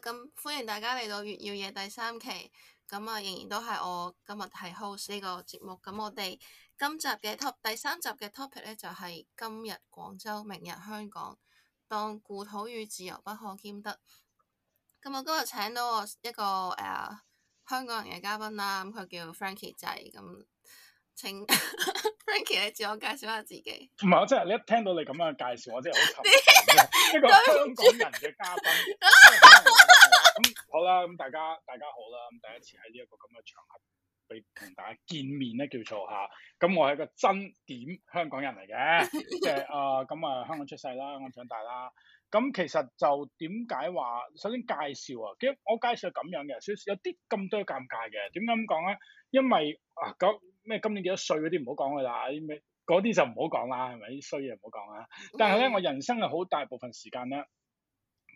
咁、嗯、歡迎大家嚟到《粵耀夜》第三期，咁、嗯、啊，仍然都係我今日係 host 呢個節目。咁、嗯、我哋今集嘅 top 第三集嘅 topic 咧、就是，就係今日廣州，明日香港，當故土與自由不可兼得。咁、嗯、我今日請到我一個誒、uh, 香港人嘅嘉賓啦，咁、嗯、佢叫 Frankie 仔咁。嗯請 Frankie 你自我介紹下自己。同埋我真係，你一聽到你咁樣介紹，我真係好沉。一個香港人嘅嘉賓。咁好啦，咁大家大家，大家好啦，咁第一次喺呢一個咁嘅場合。俾同大家見面咧，叫做吓。咁我係個真點香港人嚟嘅。 即係啊，咁啊香港出世啦，香港我長大啦。咁其實就點解話？首先介紹啊，其實我介紹係咁樣嘅。少少有啲咁多尷尬嘅。點解咁講咧？因為啊，講咩今年幾多歲嗰啲唔好講佢啦。啲嗰啲就唔好講啦，係咪？衰嘢唔好講啦。但係咧，我人生係好大部分時間咧，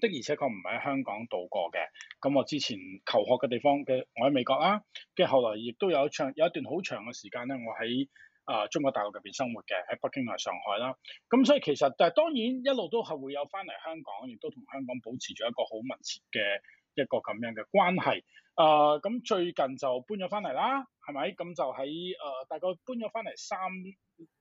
的而且確唔係喺香港度過嘅，咁我之前求學嘅地方嘅，我喺美國啦，跟住後來亦都有一長有一段好長嘅時間咧，我喺啊中國大陸入邊生活嘅，喺北京同上海啦，咁所以其實誒當然一路都係會有翻嚟香港，亦都同香港保持咗一個好密切嘅一個咁樣嘅關係。誒、呃、咁最近就搬咗翻嚟啦，係咪？咁就喺誒、呃、大概搬咗翻嚟三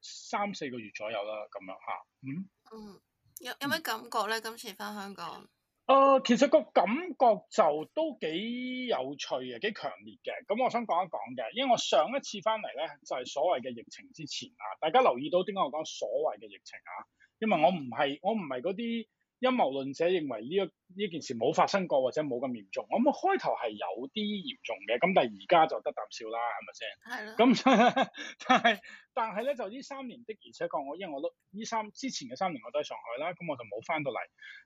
三四個月左右啦，咁樣嚇、啊，嗯？嗯。有有咩感覺咧？今次翻香港，誒、呃，其實個感覺就都幾有趣嘅，幾強烈嘅。咁我想講一講嘅，因為我上一次翻嚟咧，就係、是、所謂嘅疫情之前啊。大家留意到點解我講所謂嘅疫情啊？因為我唔係我唔係嗰啲。陰謀論者認為呢一呢件事冇發生過或者冇咁嚴重，我、嗯、諗開頭係有啲嚴重嘅，咁但係而家就得啖笑啦，係咪先？係咯的。咁 但係但係咧，就呢三年的，而且確我因為我都呢三之前嘅三年我都喺上海啦，咁我就冇翻到嚟。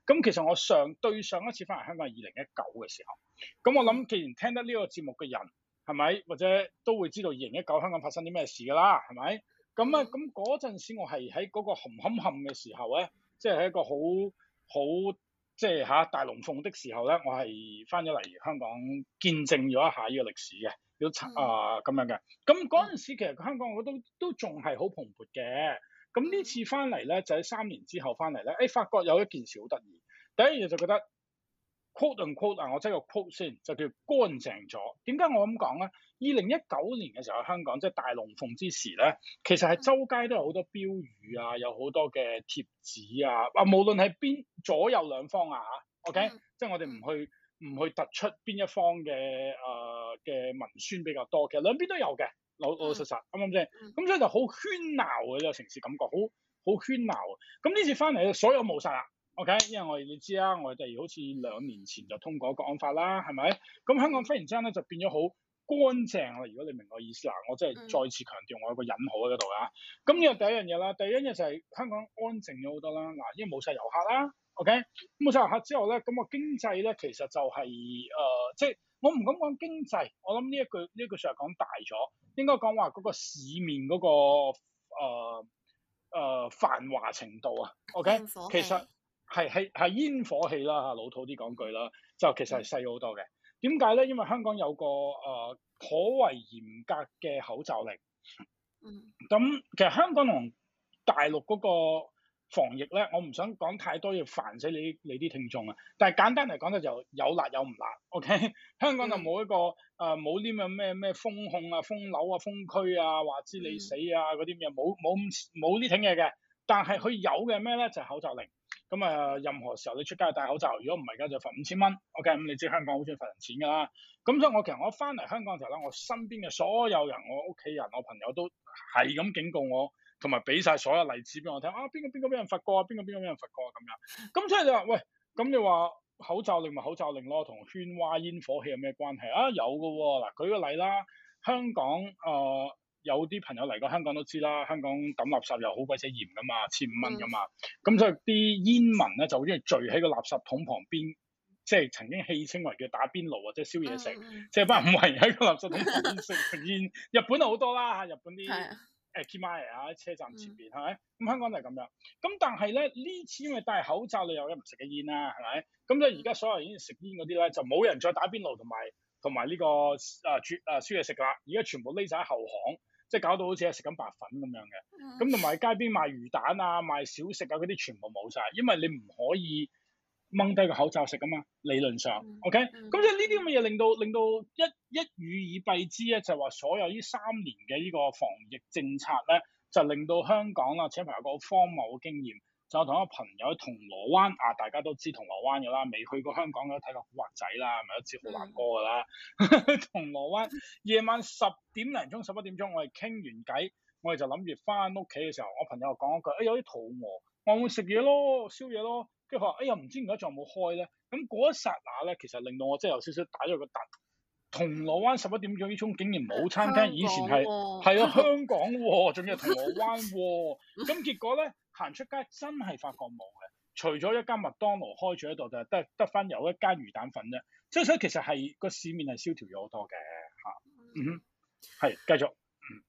咁其實我上對上一次翻嚟香港係二零一九嘅時候，咁我諗既然聽得呢個節目嘅人係咪，或者都會知道二零一九香港發生啲咩事㗎啦，係咪？咁啊咁嗰陣時我係喺嗰個冚冚冚嘅時候咧，即係一個好。好即係嚇大龍鳳的時候咧，我係翻咗嚟香港見證咗一下呢個歷史嘅，都啊咁樣嘅。咁嗰陣時其實香港我都都仲係好蓬勃嘅。咁呢次翻嚟咧，就喺三年之後翻嚟咧，誒、哎、發覺有一件事好得意。第一樣就覺得。Quote unquote, quote and quote 啊，我即係個 quote 先，就叫乾淨咗。點解我咁講咧？二零一九年嘅時候，香港即係、就是、大龍鳳之時咧，其實係周街都有好多標語啊，有好多嘅貼紙啊。啊，無論係邊左右兩方啊嚇，OK、嗯、即係我哋唔去唔去突出邊一方嘅誒嘅文宣比較多嘅，兩邊都有嘅，老老實實，啱唔啱先？咁、嗯、所以就好喧鬧嘅呢、這個城市感覺，好好喧鬧。咁呢次翻嚟啊，所有冇晒啦。OK，因為我哋你知啦，我哋好似兩年前就通過《國安法》啦，係咪？咁香港忽然之間咧就變咗好乾淨啦。如果你明白我意思啦，我真係再次強調我有個引號喺度啦。咁呢個第一樣嘢啦，第二樣嘢就係、是、香港安靜咗好多啦。嗱，因為冇晒遊客啦。OK，冇晒遊客之後咧，咁、那個經濟咧其實就係、是、誒、呃，即係我唔敢講經濟，我諗呢一句呢一句說話講大咗，應該講話嗰個市面嗰、那個誒、呃呃、繁華程度啊。OK，其實。係係係煙火氣啦嚇，老土啲講句啦，就其實係細好多嘅。點解咧？因為香港有個誒、呃、可謂嚴格嘅口罩令。嗯。咁其實香港同大陸嗰個防疫咧，我唔想講太多要煩死你你啲聽眾啊。但係簡單嚟講咧，就有辣有唔辣，OK？香港就冇一個誒冇啲咩咩咩封控啊、封樓啊、封區啊、話知你死啊嗰啲咩冇冇冇啲㷫嘢嘅。但係佢有嘅咩咧？就係、是、口罩令。咁啊，任何時候你出街戴口罩，如果唔係，而家就罰五千蚊，OK？咁你知香港好中意罰人錢㗎啦。咁所以我其實我一翻嚟香港嘅時候咧，我身邊嘅所有人，我屋企人、我朋友都係咁警告我，同埋俾晒所有例子俾我聽。啊，邊個邊個俾人罰過啊？邊個邊個俾人罰過咁樣。咁所以你話喂，咁你話口罩令咪口罩令咯？同喧譁煙火氣有咩關係啊？有嘅喎，嗱，舉個例啦，香港誒。呃有啲朋友嚟過香港都知啦，香港抌垃圾又好鬼死嚴噶嘛，千五蚊噶嘛，咁所以啲煙民咧就好似聚喺個垃圾桶旁邊，即係曾經戲稱為叫打邊爐或者燒嘢食，即係不唔為喺個垃圾桶食煙。日本好多啦嚇，日本啲誒煙喺車站前邊係咪？咁香港就係咁樣。咁但係咧呢次因為戴口罩有有、啊，你又一唔食嘅煙啦，係咪？咁所以而家所有已經食煙嗰啲咧就冇人再打邊爐同埋同埋呢個誒啜誒燒嘢食噶啦，而家、啊 uh, right. 全部匿晒喺後巷。即係搞到好似係食緊白粉咁樣嘅，咁同埋街邊賣魚蛋啊、賣小食啊嗰啲全部冇晒，因為你唔可以掹低個口罩食啊嘛，理論上、嗯、，OK？咁即係呢啲咁嘅嘢令到令到一一語以蔽之咧，就係、是、話所有呢三年嘅呢個防疫政策咧，就令到香港啦，請朋友個荒謬嘅經驗。就同我一個朋友喺銅鑼灣啊，大家都知銅鑼灣噶啦，未去過香港嘅都睇過《古惑仔》啦，咪都、嗯、知古惑哥噶啦。 銅鑼灣夜晚十點零鐘、十一點鐘，我哋傾完偈，我哋就諗住翻屋企嘅時候，我朋友講一句，哎，有啲肚餓，我會食嘢咯，宵夜咯。跟住佢話，哎呀，唔知而家仲有冇開咧？咁嗰一剎那咧，其實令到我真係有少少打咗個突。銅鑼灣十一點鐘呢鐘竟然冇餐廳？啊、以前係係啊香港喎，仲要 銅鑼灣喎，咁結果咧？行出街真係發覺冇嘅，除咗一間麥當勞開住喺度，就係得得翻有一間魚蛋粉啫。即係所以其實係個市面係蕭條咗好多嘅嚇、啊。嗯哼，係繼續。嗯、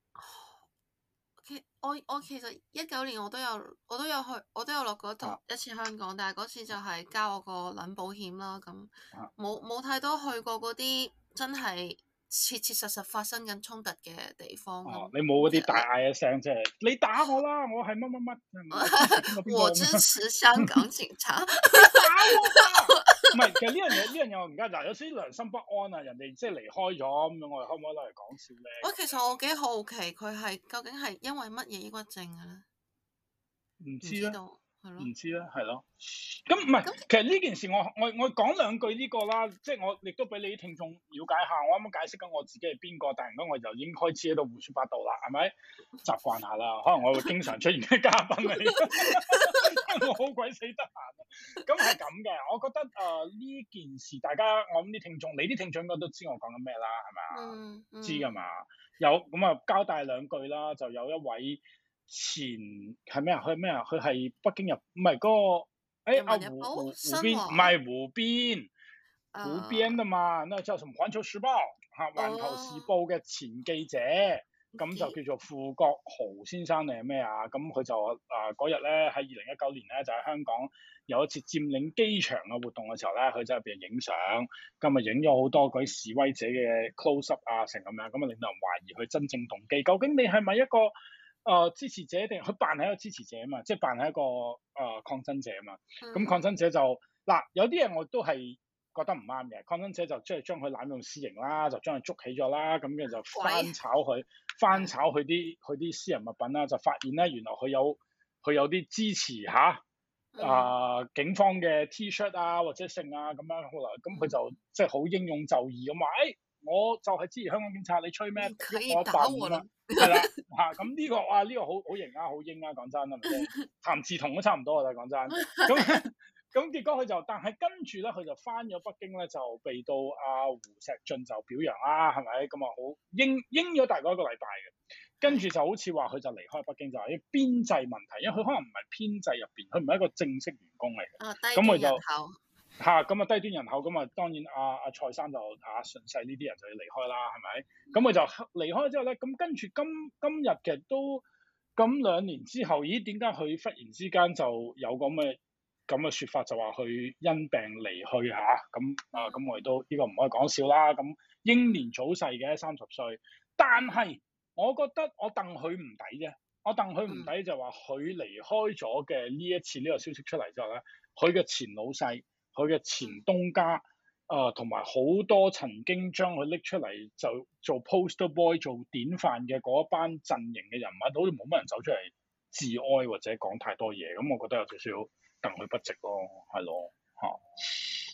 其我我其實一九年我都有我都有去我都有落過一次香港，啊、但係嗰次就係交我個僆保險啦。咁冇冇太多去過嗰啲真係。切切實實發生緊衝突嘅地方，啊哦，你冇嗰啲大嗌一聲啫，你打我啦，我係乜乜乜， 我支持香港警察， 打我唔係 其實呢樣嘢，呢樣嘢我而家嗱，有少啲良心不安啊，人哋即係離開咗咁樣，我哋可唔可以攞嚟講笑咧？喂，其實我幾好奇佢係究竟係因為乜嘢抑鬱症嘅、啊、咧？唔知咧。唔 知咧，係咯。咁唔係，其實呢件事我我我講兩句呢個啦，即係我亦都俾你啲聽眾了解下。我啱啱解釋緊我自己係邊個，突然間我就已經開始喺度胡說八道啦，係咪？習慣下啦，可能我會經常出現嘅嘉賓嚟， 我好鬼死得閒。咁係咁嘅，我覺得誒呢、呃、件事大家我諗啲聽眾，你啲聽眾應該都知我講緊咩啦，係咪啊？嗯嗯、知㗎嘛？有咁啊，就交代兩句啦，就有一位。前係咩啊？佢係咩啊？佢係北京人，唔係嗰個，誒、哎、阿、啊、湖湖湖，湖邊唔係湖邊、uh, 湖邊啊嘛，那之後從環球時報嚇、uh, 環球時報嘅前記者，咁、uh, 就叫做傅國豪先生定係咩啊？咁佢就啊嗰日咧喺二零一九年咧就喺香港有一次佔領機場嘅活動嘅時候咧，佢就喺入邊影相，今日影咗好多嗰啲示威者嘅 close up 啊成咁樣，咁啊令到人懷疑佢真正動機。究竟你係咪一個？誒、呃、支持者定佢扮係一個支持者啊嘛，即係扮係一個誒、呃、抗爭者啊嘛。咁、嗯、抗爭者就嗱有啲嘢我都係覺得唔啱嘅。抗爭者就將將佢濫用私刑啦，就將佢捉起咗啦，咁跟住就翻炒佢，乖翻炒佢啲佢啲私人物品啦，就發現咧原來佢有佢有啲支持嚇啊、嗯呃、警方嘅 T-shirt 啊或者性啊咁樣，好啦，咁佢就即係好英勇就義咁話。嗯我就係支持香港警察，你吹咩？我扮啦，係啦嚇。咁呢個啊，呢、這個啊這個好好型啊，好英啊，講真， 真啊。譚志同都差唔多啊，啦，講真。咁咁結果佢就，但係跟住咧，佢就翻咗北京咧，就被到阿胡錫進就表揚啦，係咪？咁啊，好英英咗大概一個禮拜嘅。跟住就好似話佢就離開北京，就係、是、編制問題，因為佢可能唔係編制入邊，佢唔係一個正式員工嚟嘅。咁佢、啊啊、就他。嚇咁啊低端人口咁啊，當然阿、啊、阿蔡生就阿、啊、順勢呢啲人就要離開啦，係咪？咁、嗯、佢、嗯、就離開之後咧，咁跟住今今日嘅都咁兩年之後，咦？點解佢忽然之間就有咁嘅咁嘅說法，就話佢因病離去嚇？咁啊咁、啊、我亦都呢、呢個唔可以講笑啦。咁英年早逝嘅三十歲，但係我覺得我戥佢唔抵啫。我戥佢唔抵就話佢離開咗嘅呢一次呢個消息出嚟之後咧，佢嘅前老細。佢嘅前東家，啊、呃，同埋好多曾經將佢拎出嚟就做 poster boy 做典範嘅嗰班陣營嘅人物，好似冇乜人走出嚟致哀或者講太多嘢，咁我覺得有少少戥佢不值咯，係咯，嚇、啊，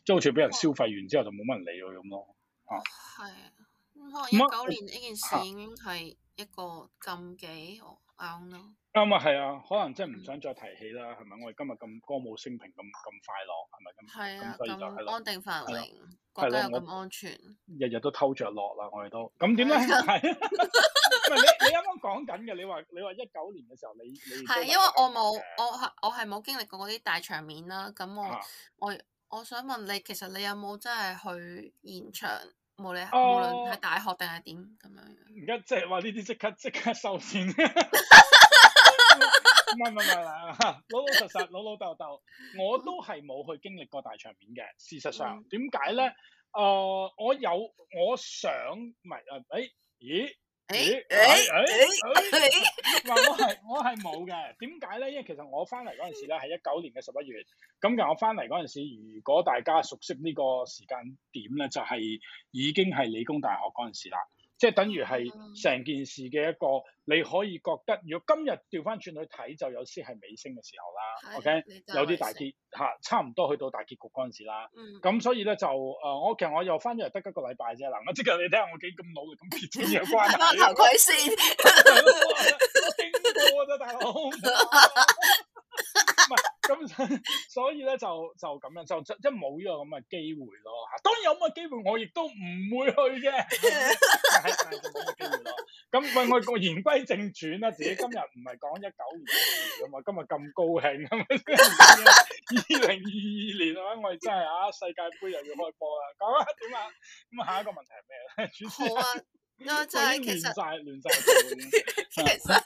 即係好似俾人消費完之後就冇乜人理佢咁咯，嚇、啊。係、啊，咁可能一九年呢件事已經係一個禁忌。啱咯，啱啊、嗯，係啊，可能真係唔想再提起啦，係咪？我哋今日咁歌舞升平，咁咁快樂，係咪咁？係啊，咁安定繁榮，啊、覺得有咁安全，日日、啊、都偷着樂啦，我哋都，咁點咧？唔係你你啱啱講緊嘅，你話你話一九年嘅時候你係因為我冇我係我係冇經歷過嗰啲大場面啦，咁我、啊、我我想問你，其實你有冇真係去現場？冇理，無論喺、呃、大學定係點咁樣。而家即係話呢啲即刻即刻收錢，唔係唔係唔係，老老實實老老豆豆，我都係冇去經歷過大場面嘅。事實上，點解咧？誒、呃，我有，我想唔係啊？哎咦？誒誒誒誒，話、欸欸欸欸欸欸、我係我係冇嘅，點解咧？因為其實我翻嚟嗰陣時咧，係一九年嘅十一月。咁其實我翻嚟嗰陣時，如果大家熟悉呢個時間點咧，就係、是、已經係理工大學嗰陣時啦。即係等於係成件事嘅一個，嗯、你可以覺得，如果今日調翻轉去睇，就有先係尾聲嘅時候啦。OK，的有啲大結嚇，的差唔多去到大結局嗰陣時啦。咁、嗯、所以咧就誒、呃，我其實我又翻咗嚟得一個禮拜啫嗱，即我即刻你睇下我幾咁老嘅咁結尾嘅關係。好開心，大佬。咁 所以咧就就咁樣就即係冇呢個咁嘅機會咯。當然有咁嘅機會，我亦都唔會去嘅。冇乜機會咯。咁問我言歸正傳啦。自己今日唔係講一九年咁啊嘛。今日咁高興啊嘛。二零二二年啊，我哋真係啊世界杯又要開波啦。咁啊點啊？咁下一個問題係咩咧？主席好啊。啊就係亂晒亂晒。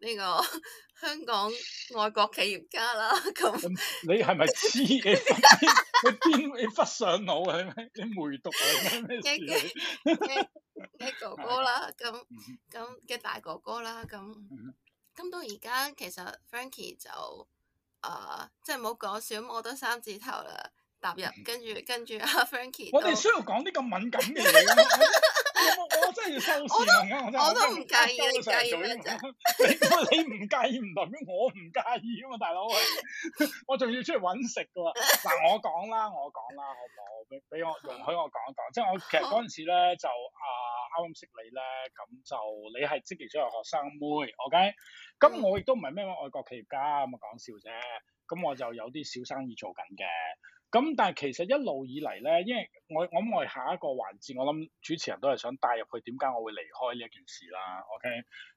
呢、這個香港外國企業家啦，咁你係咪黐嘅？佢邊位忽上腦嘅咩？你梅毒啊？咩事、 這個這個、哥哥啦，咁咁嘅大哥哥啦，咁咁到而家其實 Frankie 就誒、呃，即係冇講笑，我都三字頭啦，踏入跟住跟住啊，Frankie，我哋需要講啲咁敏感嘅嘢 我真係要收錢啊！我都我,真我都唔介意，唔介你你唔介意唔代表我唔介意啊嘛，大佬。我仲要出去搵食噶喎。嗱， 我講啦，我講啦，好唔好？俾俾我容許我講一講。即係我其實嗰陣時咧就啊，啱、呃、啱識你咧，咁就你係積極咗係學生妹，OK 咁我亦都唔係咩外國企業家咁啊，講笑啫。咁我就有啲小生意做緊嘅。咁但係其實一路以嚟咧，因為我我諗我下一個環節，我諗主持人都係想帶入去點解我會離開呢一件事啦，OK？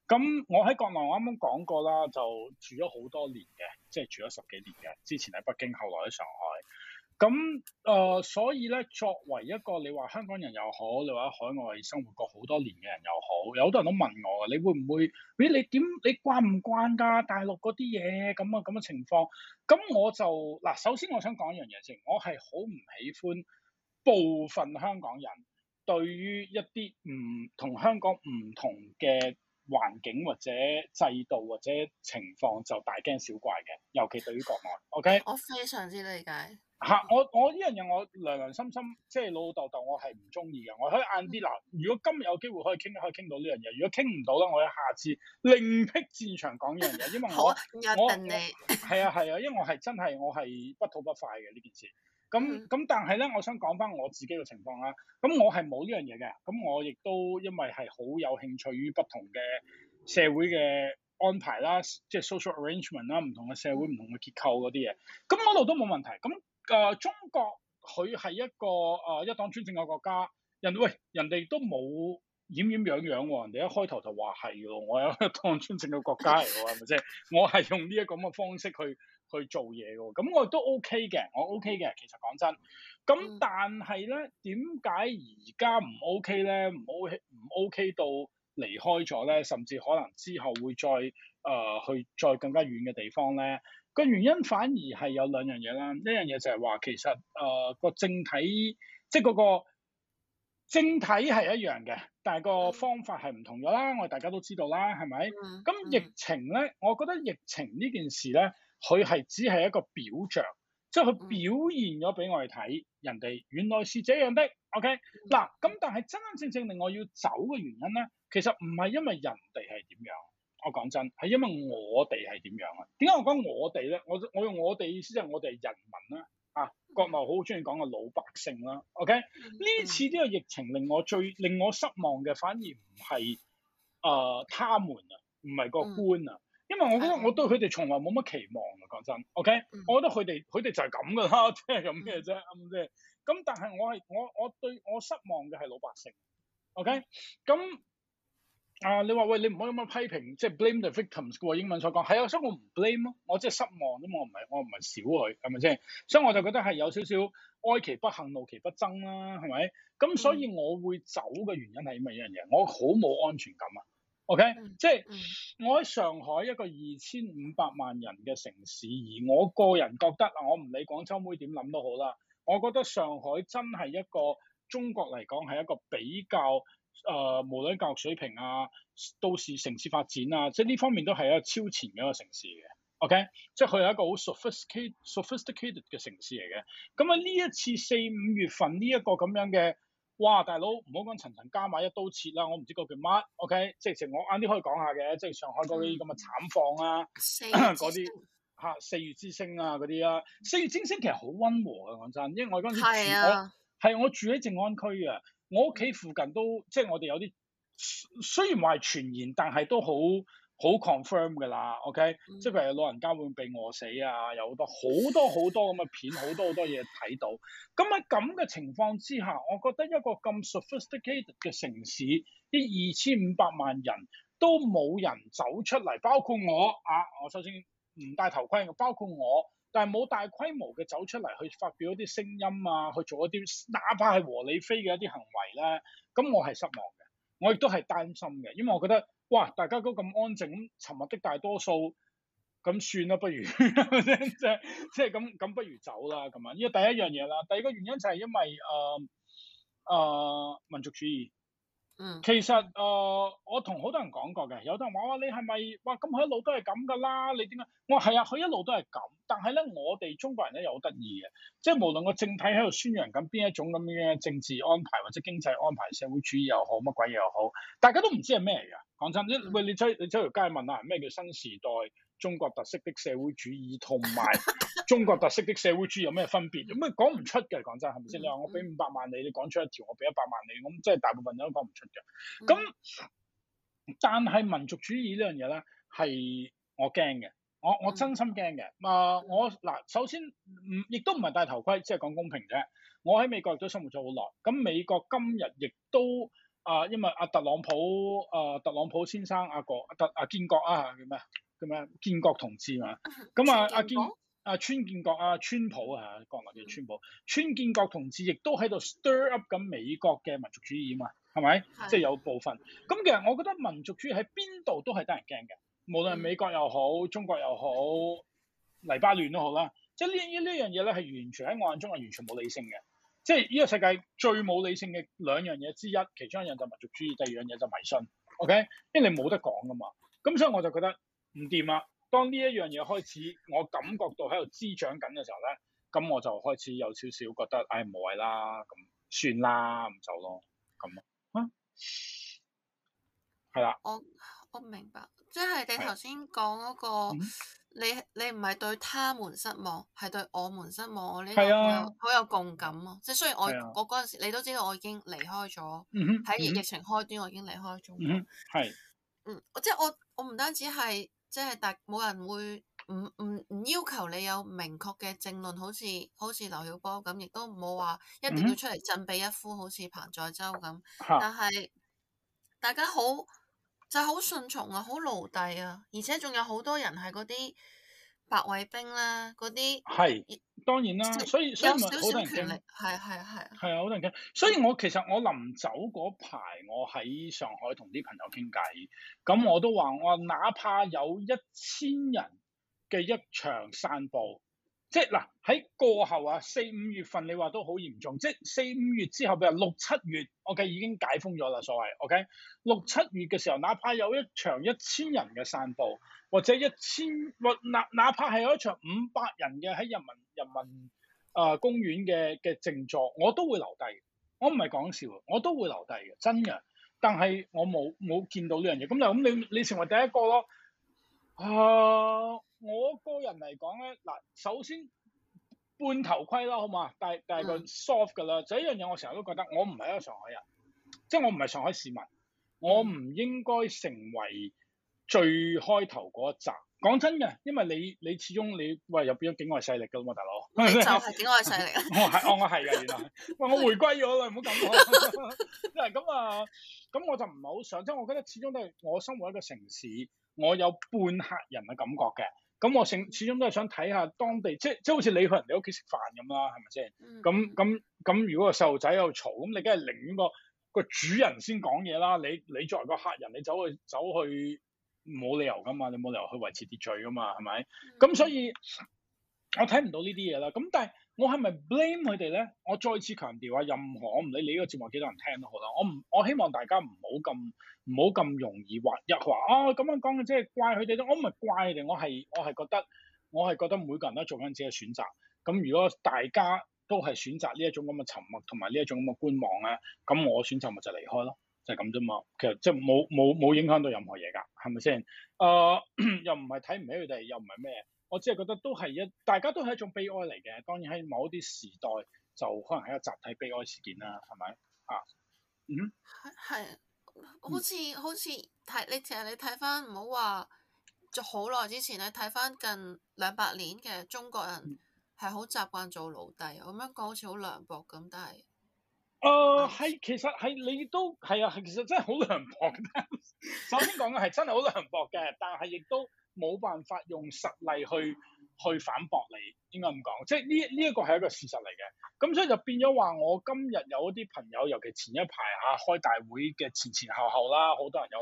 咁我喺國內我啱啱講過啦，就住咗好多年嘅，即係住咗十幾年嘅，之前喺北京，後來喺上海。咁誒、呃，所以咧，作為一個你話香港人又好，你話喺海外生活過好多年嘅人又好，有好多人都問我你會唔會？咦、哎，你點？你慣唔慣㗎？大陸嗰啲嘢咁啊，咁嘅情況。咁我就嗱，首先我想講一樣嘢先，我係好唔喜歡部分香港人對於一啲唔同香港唔同嘅環境或者制度或者情況就大驚小怪嘅，尤其對於國外。OK，我非常之理解。嚇！ 我我呢樣嘢我良良心心即係老豆豆，我係唔中意嘅。我可以晏啲鬧，如果今日有機會可以傾，可以傾到呢樣嘢；如果傾唔到咧，我一下次另闢戰場講呢樣嘢，因為我 我係啊係啊，因為、啊啊、我係真係我係不吐不快嘅呢件事。咁咁，嗯、但係咧，我想講翻我自己嘅情況啦。咁我係冇呢樣嘢嘅。咁我亦都因為係好有興趣於不同嘅社會嘅安排啦，即、就、係、是、social arrangement 啦，唔同嘅社會、唔、嗯、同嘅結構嗰啲嘢。咁嗰度都冇問題。咁啊、呃，中國佢係一個啊、呃、一黨專政嘅國家。人喂，人哋都冇掩掩樣樣喎。人哋一開頭就話係咯，我有一黨專政嘅國家嚟嘅，係咪先？即係我係用呢一個咁嘅方式去。去做嘢嘅，咁我都 OK 嘅，我 OK 嘅，其實講真，咁但係咧，點解而家唔 OK 咧？唔 OK 唔 OK 到離開咗咧，甚至可能之後會再誒、呃、去再更加遠嘅地方咧。個原因反而係有兩樣嘢啦，一樣嘢就係話其實誒個、呃、政體，即係嗰、那個政體係一樣嘅，但係個方法係唔同咗啦。我哋大家都知道啦，係咪？咁疫情咧，我覺得疫情呢件事咧。佢係只係一個表象，即係佢表現咗俾我哋睇，人哋原來是這樣的。OK，嗱咁，但係真真正正令我要走嘅原因咧，其實唔係因為人哋係點樣，我講真係因為我哋係點樣啊？點解我講我哋咧？我我用我哋意思即係我哋係人民啦，啊國務好中意講個老百姓啦。OK，呢、嗯、次呢個疫情令我最令我失望嘅反而唔係呃、他們啊，唔係個官啊。嗯因為我覺得我對佢哋從來冇乜期望啊，講真 ，OK？我覺得佢哋佢哋就係咁噶啦，即係咁嘅啫，啱唔啱咁，但係我係我我對我失望嘅係老百姓，OK？咁啊、呃，你話喂，你唔好咁樣批評，即係 blame the victims 嘅英文所講，係啊，所以我唔 blame 咯，我即係失望啫，我唔係我唔係笑佢，係咪先？所以我就覺得係有少少哀其不幸，怒其不爭啦、啊，係咪？咁所以我會走嘅原因係因為一樣嘢，我好冇安全感啊。 OK，即係我喺上海一個二千五百萬人嘅城市，而我個人覺得啊，我唔理廣州妹點諗都好啦，我覺得上海真係一個中國嚟講係一個比較誒、呃，無論教育水平啊，都市城市發展啊，即係呢方面都係一個超前嘅一個城市嘅。OK，即係佢係一個好 sophisticated、sophisticated 嘅城市嚟嘅。咁啊，呢一次四五月份呢一、呢個咁樣嘅。哇，大佬唔好講層層加碼一刀切啦，我唔知嗰句乜，OK？直情我啱啲可以講下嘅，即係上海嗰啲咁嘅慘況啊，嗰啲嚇四月之聲啊嗰啲啊，四月之聲、啊啊、月其實好溫和啊。講真，因為我嗰陣時住、啊、我係我住喺靜安區啊，我屋企附近都即係我哋有啲雖然話係傳言，但係都好。好 confirm 嘅啦，OK，嗯，即係譬如老人家會唔會被餓死啊？有好多好多好多咁嘅片，好多好多嘢睇到。咁喺咁嘅情況之下，我覺得一個咁 sophisticated 嘅城市，啲二千五百萬人都冇人走出嚟，包括我啊，我首先唔戴頭盔，包括我，但係冇大規模嘅走出嚟去發表一啲聲音啊，去做一啲哪怕係和理非嘅一啲行為咧，咁我係失望嘅，我亦都係擔心嘅，因為我覺得。哇！大家都咁安靜，沉默的大多數，咁算啦，不如即係即係咁咁， 不如走啦咁啊！呢個第一樣嘢啦，第二個原因就係因為誒誒、呃呃、民族主義。嗯，其實誒、呃，我同好多人講過嘅，有啲人話我你係咪哇咁佢一路都係咁㗎啦？你點解？我話係啊，佢一路都係咁。但係咧，我哋中國人咧又好得意嘅，即係無論個政體喺度宣揚緊邊一種咁嘅政治安排或者經濟安排，社會主義又好，乜鬼嘢又好，大家都唔知係咩嚟㗎。講真，嗯、喂街即喂，你出你出條街問下，咩叫新時代？中國特色的社會主義同埋中國特色的社會主義有咩分別？咁咩講唔出嘅，講真係咪先？你話我俾五百萬你，你講出一條，我俾一百萬你，咁即係大部分人都講唔出嘅。咁但係民族主義呢樣嘢咧，係我驚嘅，我我真心驚嘅。啊、呃，我嗱首先唔亦都唔係戴頭盔，即係講公平啫。我喺美國都生活咗好耐，咁美國今日亦都啊、呃，因為阿特朗普啊、呃，特朗普先生阿、啊啊、國阿特阿堅國啊，叫咩？咁樣，建國同志嘛，咁、嗯嗯、啊，阿建，阿、啊、川建國，啊，川普啊，國內嘅川普，川、嗯、建國同志亦都喺度 stir up 緊美國嘅民族主義嘛，係咪？即係是有部分。咁其實我覺得民族主義喺邊度都係得人驚嘅，無論係美國又好，中國又好，黎、嗯、巴嫩都好啦。即係呢呢呢樣嘢咧，係完全喺我眼中係完全冇理性嘅，即係呢個世界最冇理性嘅兩樣嘢之一，其中一樣就民族主義，第二樣嘢就迷信。OK，因為你冇得講噶嘛，咁所以我就覺得。.唔掂啦！當呢一樣嘢開始，我感覺到喺度滋長緊嘅時候咧，咁我就開始有少少覺得，唉，冇謂啦，咁算啦，唔走咯，咁咯，係、啊、啦。我我明白，即係你頭先講嗰個，的你你唔係對他們失望，係對我們失望。我呢個好有，的有共感啊！即係雖然我的我嗰陣時，你都知道我已經離開咗，喺的疫情開端，我已經離開咗中國。係的，嗯的，我即係我我唔單止係。即係，但冇人會唔唔唔要求你有明確嘅政論，好似好似劉曉波咁，亦都唔好話一定要出嚟振臂一呼，好似彭載舟咁。但係大家好就係好順從啊，好奴隸啊，而且仲有好多人係嗰啲。白衞兵啦、啊，嗰啲係當然啦，小所以小所以好多人權力係係係係啊，好多人驚，所以我其實我臨走嗰排，我喺上海同啲朋友傾偈，咁我都話我哪怕有一千人嘅一場散步。即係嗱，喺過後啊，四五月份你話都好嚴重，即係四五月之後，譬如六七月，O、okay, K 已經解封咗啦，所謂 O K，六七月嘅時候，哪怕有一場一千人嘅散步，或者一千或哪哪怕係有一場五百人嘅喺人民人民啊、呃、公園嘅嘅靜坐，我都會留低，我唔係講笑，我都會留低嘅，真嘅。但係我冇冇見到呢樣嘢，咁就咁，你你成為第一個咯，啊、呃！我個人嚟講咧，嗱，首先半頭盔啦，好嘛？戴戴個 soft 噶啦，嗯、就一樣嘢，我成日都覺得，我唔係一個上海人，即係我唔係上海市民，我唔應該成為最開頭嗰一集。講真嘅，因為你你始終你喂又變咗境外勢力噶嘛，大佬，就係境外勢力 我。我係，我係噶，原來喂我回歸咗啦，唔好咁講。嗱咁啊，咁我就唔係好想，即係我覺得始終都係我生活一個城市，我有半客人嘅感覺嘅。咁我成始終都係想睇下當地，即即好似你去人哋屋企食飯咁啦，係咪先？咁咁咁，如果個細路仔又嘈，咁你梗係寧願個個主人先講嘢啦。你你作為個客人，你走去走去冇理由㗎嘛，你冇理由去維持秩序㗎嘛，係咪？咁、嗯、所以我睇唔到呢啲嘢啦。咁但係。我係咪 blame 佢哋咧？我再次強調啊，任何我唔理你呢個節目幾多人聽都好啦，我唔我希望大家唔好咁唔好咁容易話入話哦咁樣講嘅，即係怪佢哋咯。我唔係怪佢哋，我係我係覺得我係覺得每個人都做緊自己嘅選擇。咁如果大家都係選擇呢一種咁嘅沉默同埋呢一種咁嘅觀望咧，咁我選擇咪就離開咯，就係咁啫嘛。其實即係冇冇冇影響到任何嘢㗎，係咪先？誒又唔係睇唔起佢哋，又唔係咩？我只係覺得都係一，大家都係一種悲哀嚟嘅。當然喺某一啲時代就可能係一個集體悲哀事件啦，係咪啊？嗯，係，好似好似睇你其實你睇返唔好話，就好耐之前你睇返近兩百年嘅中國人係好習慣做奴隸，咁樣講好似好涼薄咁，但係，誒係、呃嗯，其實係你都係啊，其實真係好涼薄。 首先講嘅係真係好涼薄嘅，但係亦都。冇辦法用實例去、嗯、去反駁你，應該咁講，即係呢呢一個係一個事實嚟嘅。咁所以就變咗話，我今日有一啲朋友，尤其前一排嚇開大會嘅前前後後啦，好多人有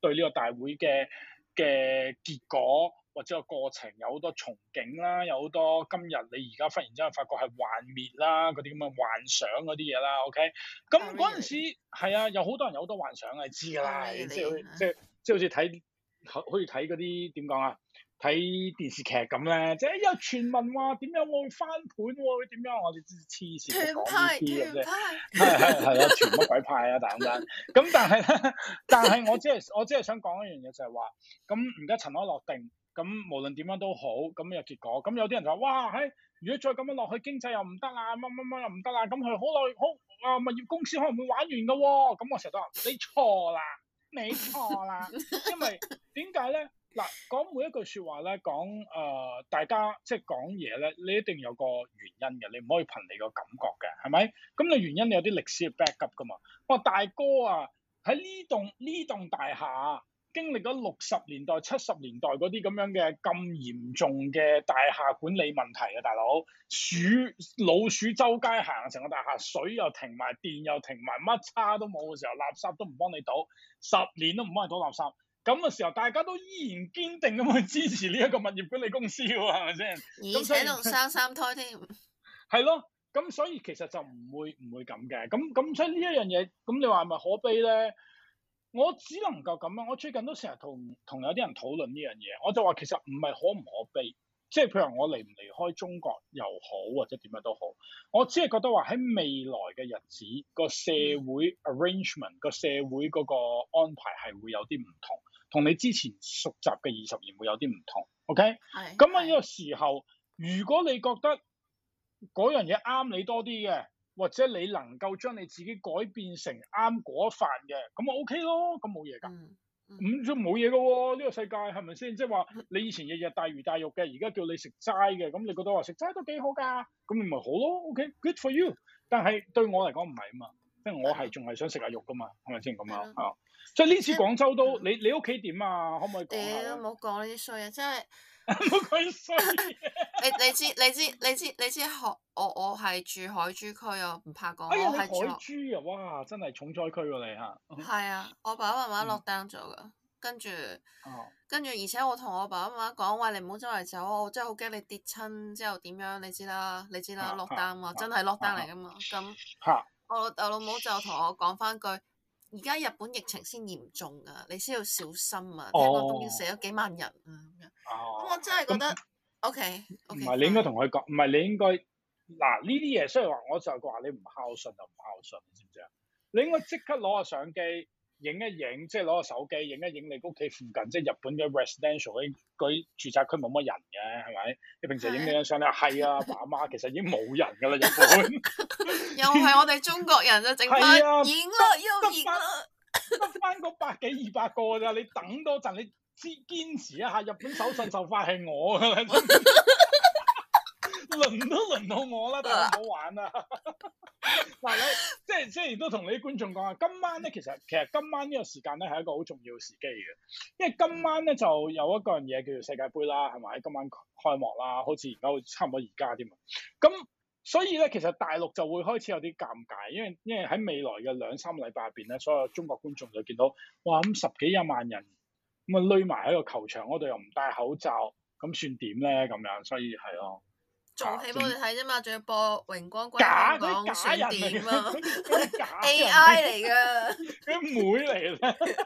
對呢個大會嘅嘅結果或者個過程有好多憧憬啦，有好多今日你而家忽然之間發覺係幻滅啦，嗰啲咁嘅幻想嗰啲嘢啦，OK？咁嗰陣時係啊，有好多人有好多幻想係，知㗎啦，即係即係即係好似睇。好似睇嗰啲點講啊，睇電視劇咁咧，即係有傳聞話點樣我會翻盤，點樣我哋黐線，聽派，聽派、 哎，係係係咯，全、哎、乜鬼派啊，大唔大？咁但係咧，但係我即係我即係想講一樣嘢就係、是、話，咁而家塵埃落定，咁無論點樣都好，咁有結果，咁有啲人就話哇，喺如果再咁樣落去，經濟又唔得啊，乜乜乜又唔得啦，咁佢好耐好啊，物業公司可能會玩完噶，咁我成日都話你錯啦。你錯啦，因為點解咧？嗱，講每一句説話咧，講誒、呃、大家即係講嘢咧，你一定有個原因嘅，你唔可以憑你個感覺嘅，係咪？咁、那、你、個、原因你有啲歷史嘅 back up 噶嘛？我、哦、大哥啊，喺呢棟呢棟大廈經歷咗六十年代、七十年代嗰啲咁樣嘅咁嚴重嘅大廈管理問題啊，大佬，鼠老鼠周街行成個大廈，水又停埋，電又停埋，乜叉都冇嘅時候，垃圾都唔幫你倒，十年都唔幫你倒垃圾，咁嘅時候大家都依然堅定咁去支持呢一個物業管理公司喎，係咪先？而且同生三胎添。係 咯，咁所以其實就唔會唔會咁嘅，咁咁所以呢一樣嘢，咁你話係咪可悲咧？我只能夠咁樣！我最近都成日同同有啲人討論呢樣嘢，我就話其實唔係可唔可悲，即係譬如我離唔離開中國又好，或者點樣都好。我只係覺得話喺未來嘅日子，個社會 arrangement，個社會嗰個安排係會有啲唔同，同你之前熟習嘅二十年會有啲唔同。OK，係咁啊！有時候如果你覺得嗰樣嘢啱你多啲嘅。或者你能夠將你自己改變成啱嗰一範嘅，咁啊 OK 咯，咁冇嘢噶，咁、嗯嗯、就冇嘢噶喎。呢、呢個世界係咪先？即係話你以前日日大魚大肉嘅，而家叫你食齋嘅，咁你覺得話食齋都幾好噶，咁咪好咯？OK，good、OK? for you。但係對我嚟講唔係啊嘛，即係、嗯、我係仲係想食下肉噶嘛，係咪先咁啊？啊、嗯，即係呢次廣州都、嗯、你你屋企點啊？可唔可以講下？唔好講呢啲衰嘢，真、嗯、係。嗯嗯嗯嗯嗯嗯嗯唔好 你你知你知你知你知海，我我係住海珠區啊，唔怕講。啊、哎，海珠啊，哇，真係重災區喎你吓。係啊， 我爸爸媽媽落單咗噶，跟住，跟住，而且我同我爸爸媽媽講：喂，你唔好周圍走，我真係好驚你跌親之後點樣？你知啦，你知啦，落單啊，啊啊啊啊啊啊真係落單嚟噶嘛。咁、啊啊啊啊，我老豆老母就同我講翻句：而家日本疫情先嚴重啊，你先要小心啊！聽講都要死咗幾萬人啊！哦咁、啊、我真係覺得，OK，唔係你應該同佢講，唔係你應該嗱呢啲嘢，雖然話我就話你唔孝順就唔孝順，你知唔知啊？你應該即刻攞個相機影一影，即係攞個手機影一影你屋企附近，即係日本嘅 residential 嗰啲住宅區冇乜人嘅，係咪？你平時影咩相咧？係啊，啊，爸阿媽，其實已經冇人噶啦，日本。又係我哋中國人就啊，整翻，影啦又得翻百幾二百個咋？你等多陣你。先堅持一下，日本手信就快係我嘅。 輪都輪到我啦，但係唔好玩啦。嗱， 你即係即係都同你啲觀眾講啊，今晚咧，其實其實今晚呢個時間咧係一個好重要嘅時機嘅，因為今晚咧就有一個樣嘢叫做世界杯啦，係咪？今晚開幕啦，好似而家差唔多而家添。咁所以咧，其實大陸就會開始有啲尷尬，因為因為喺未來嘅兩三個禮拜入邊咧，所有中國觀眾就見到哇咁、嗯、十幾一萬人。咁啊，累埋喺個球場嗰度又唔戴口罩，咁算點咧？咁樣，所以係咯，做戲冇人睇啫嘛，仲要播榮光。假假人嚟嘅，AI 嚟嘅，佢妹嚟咧。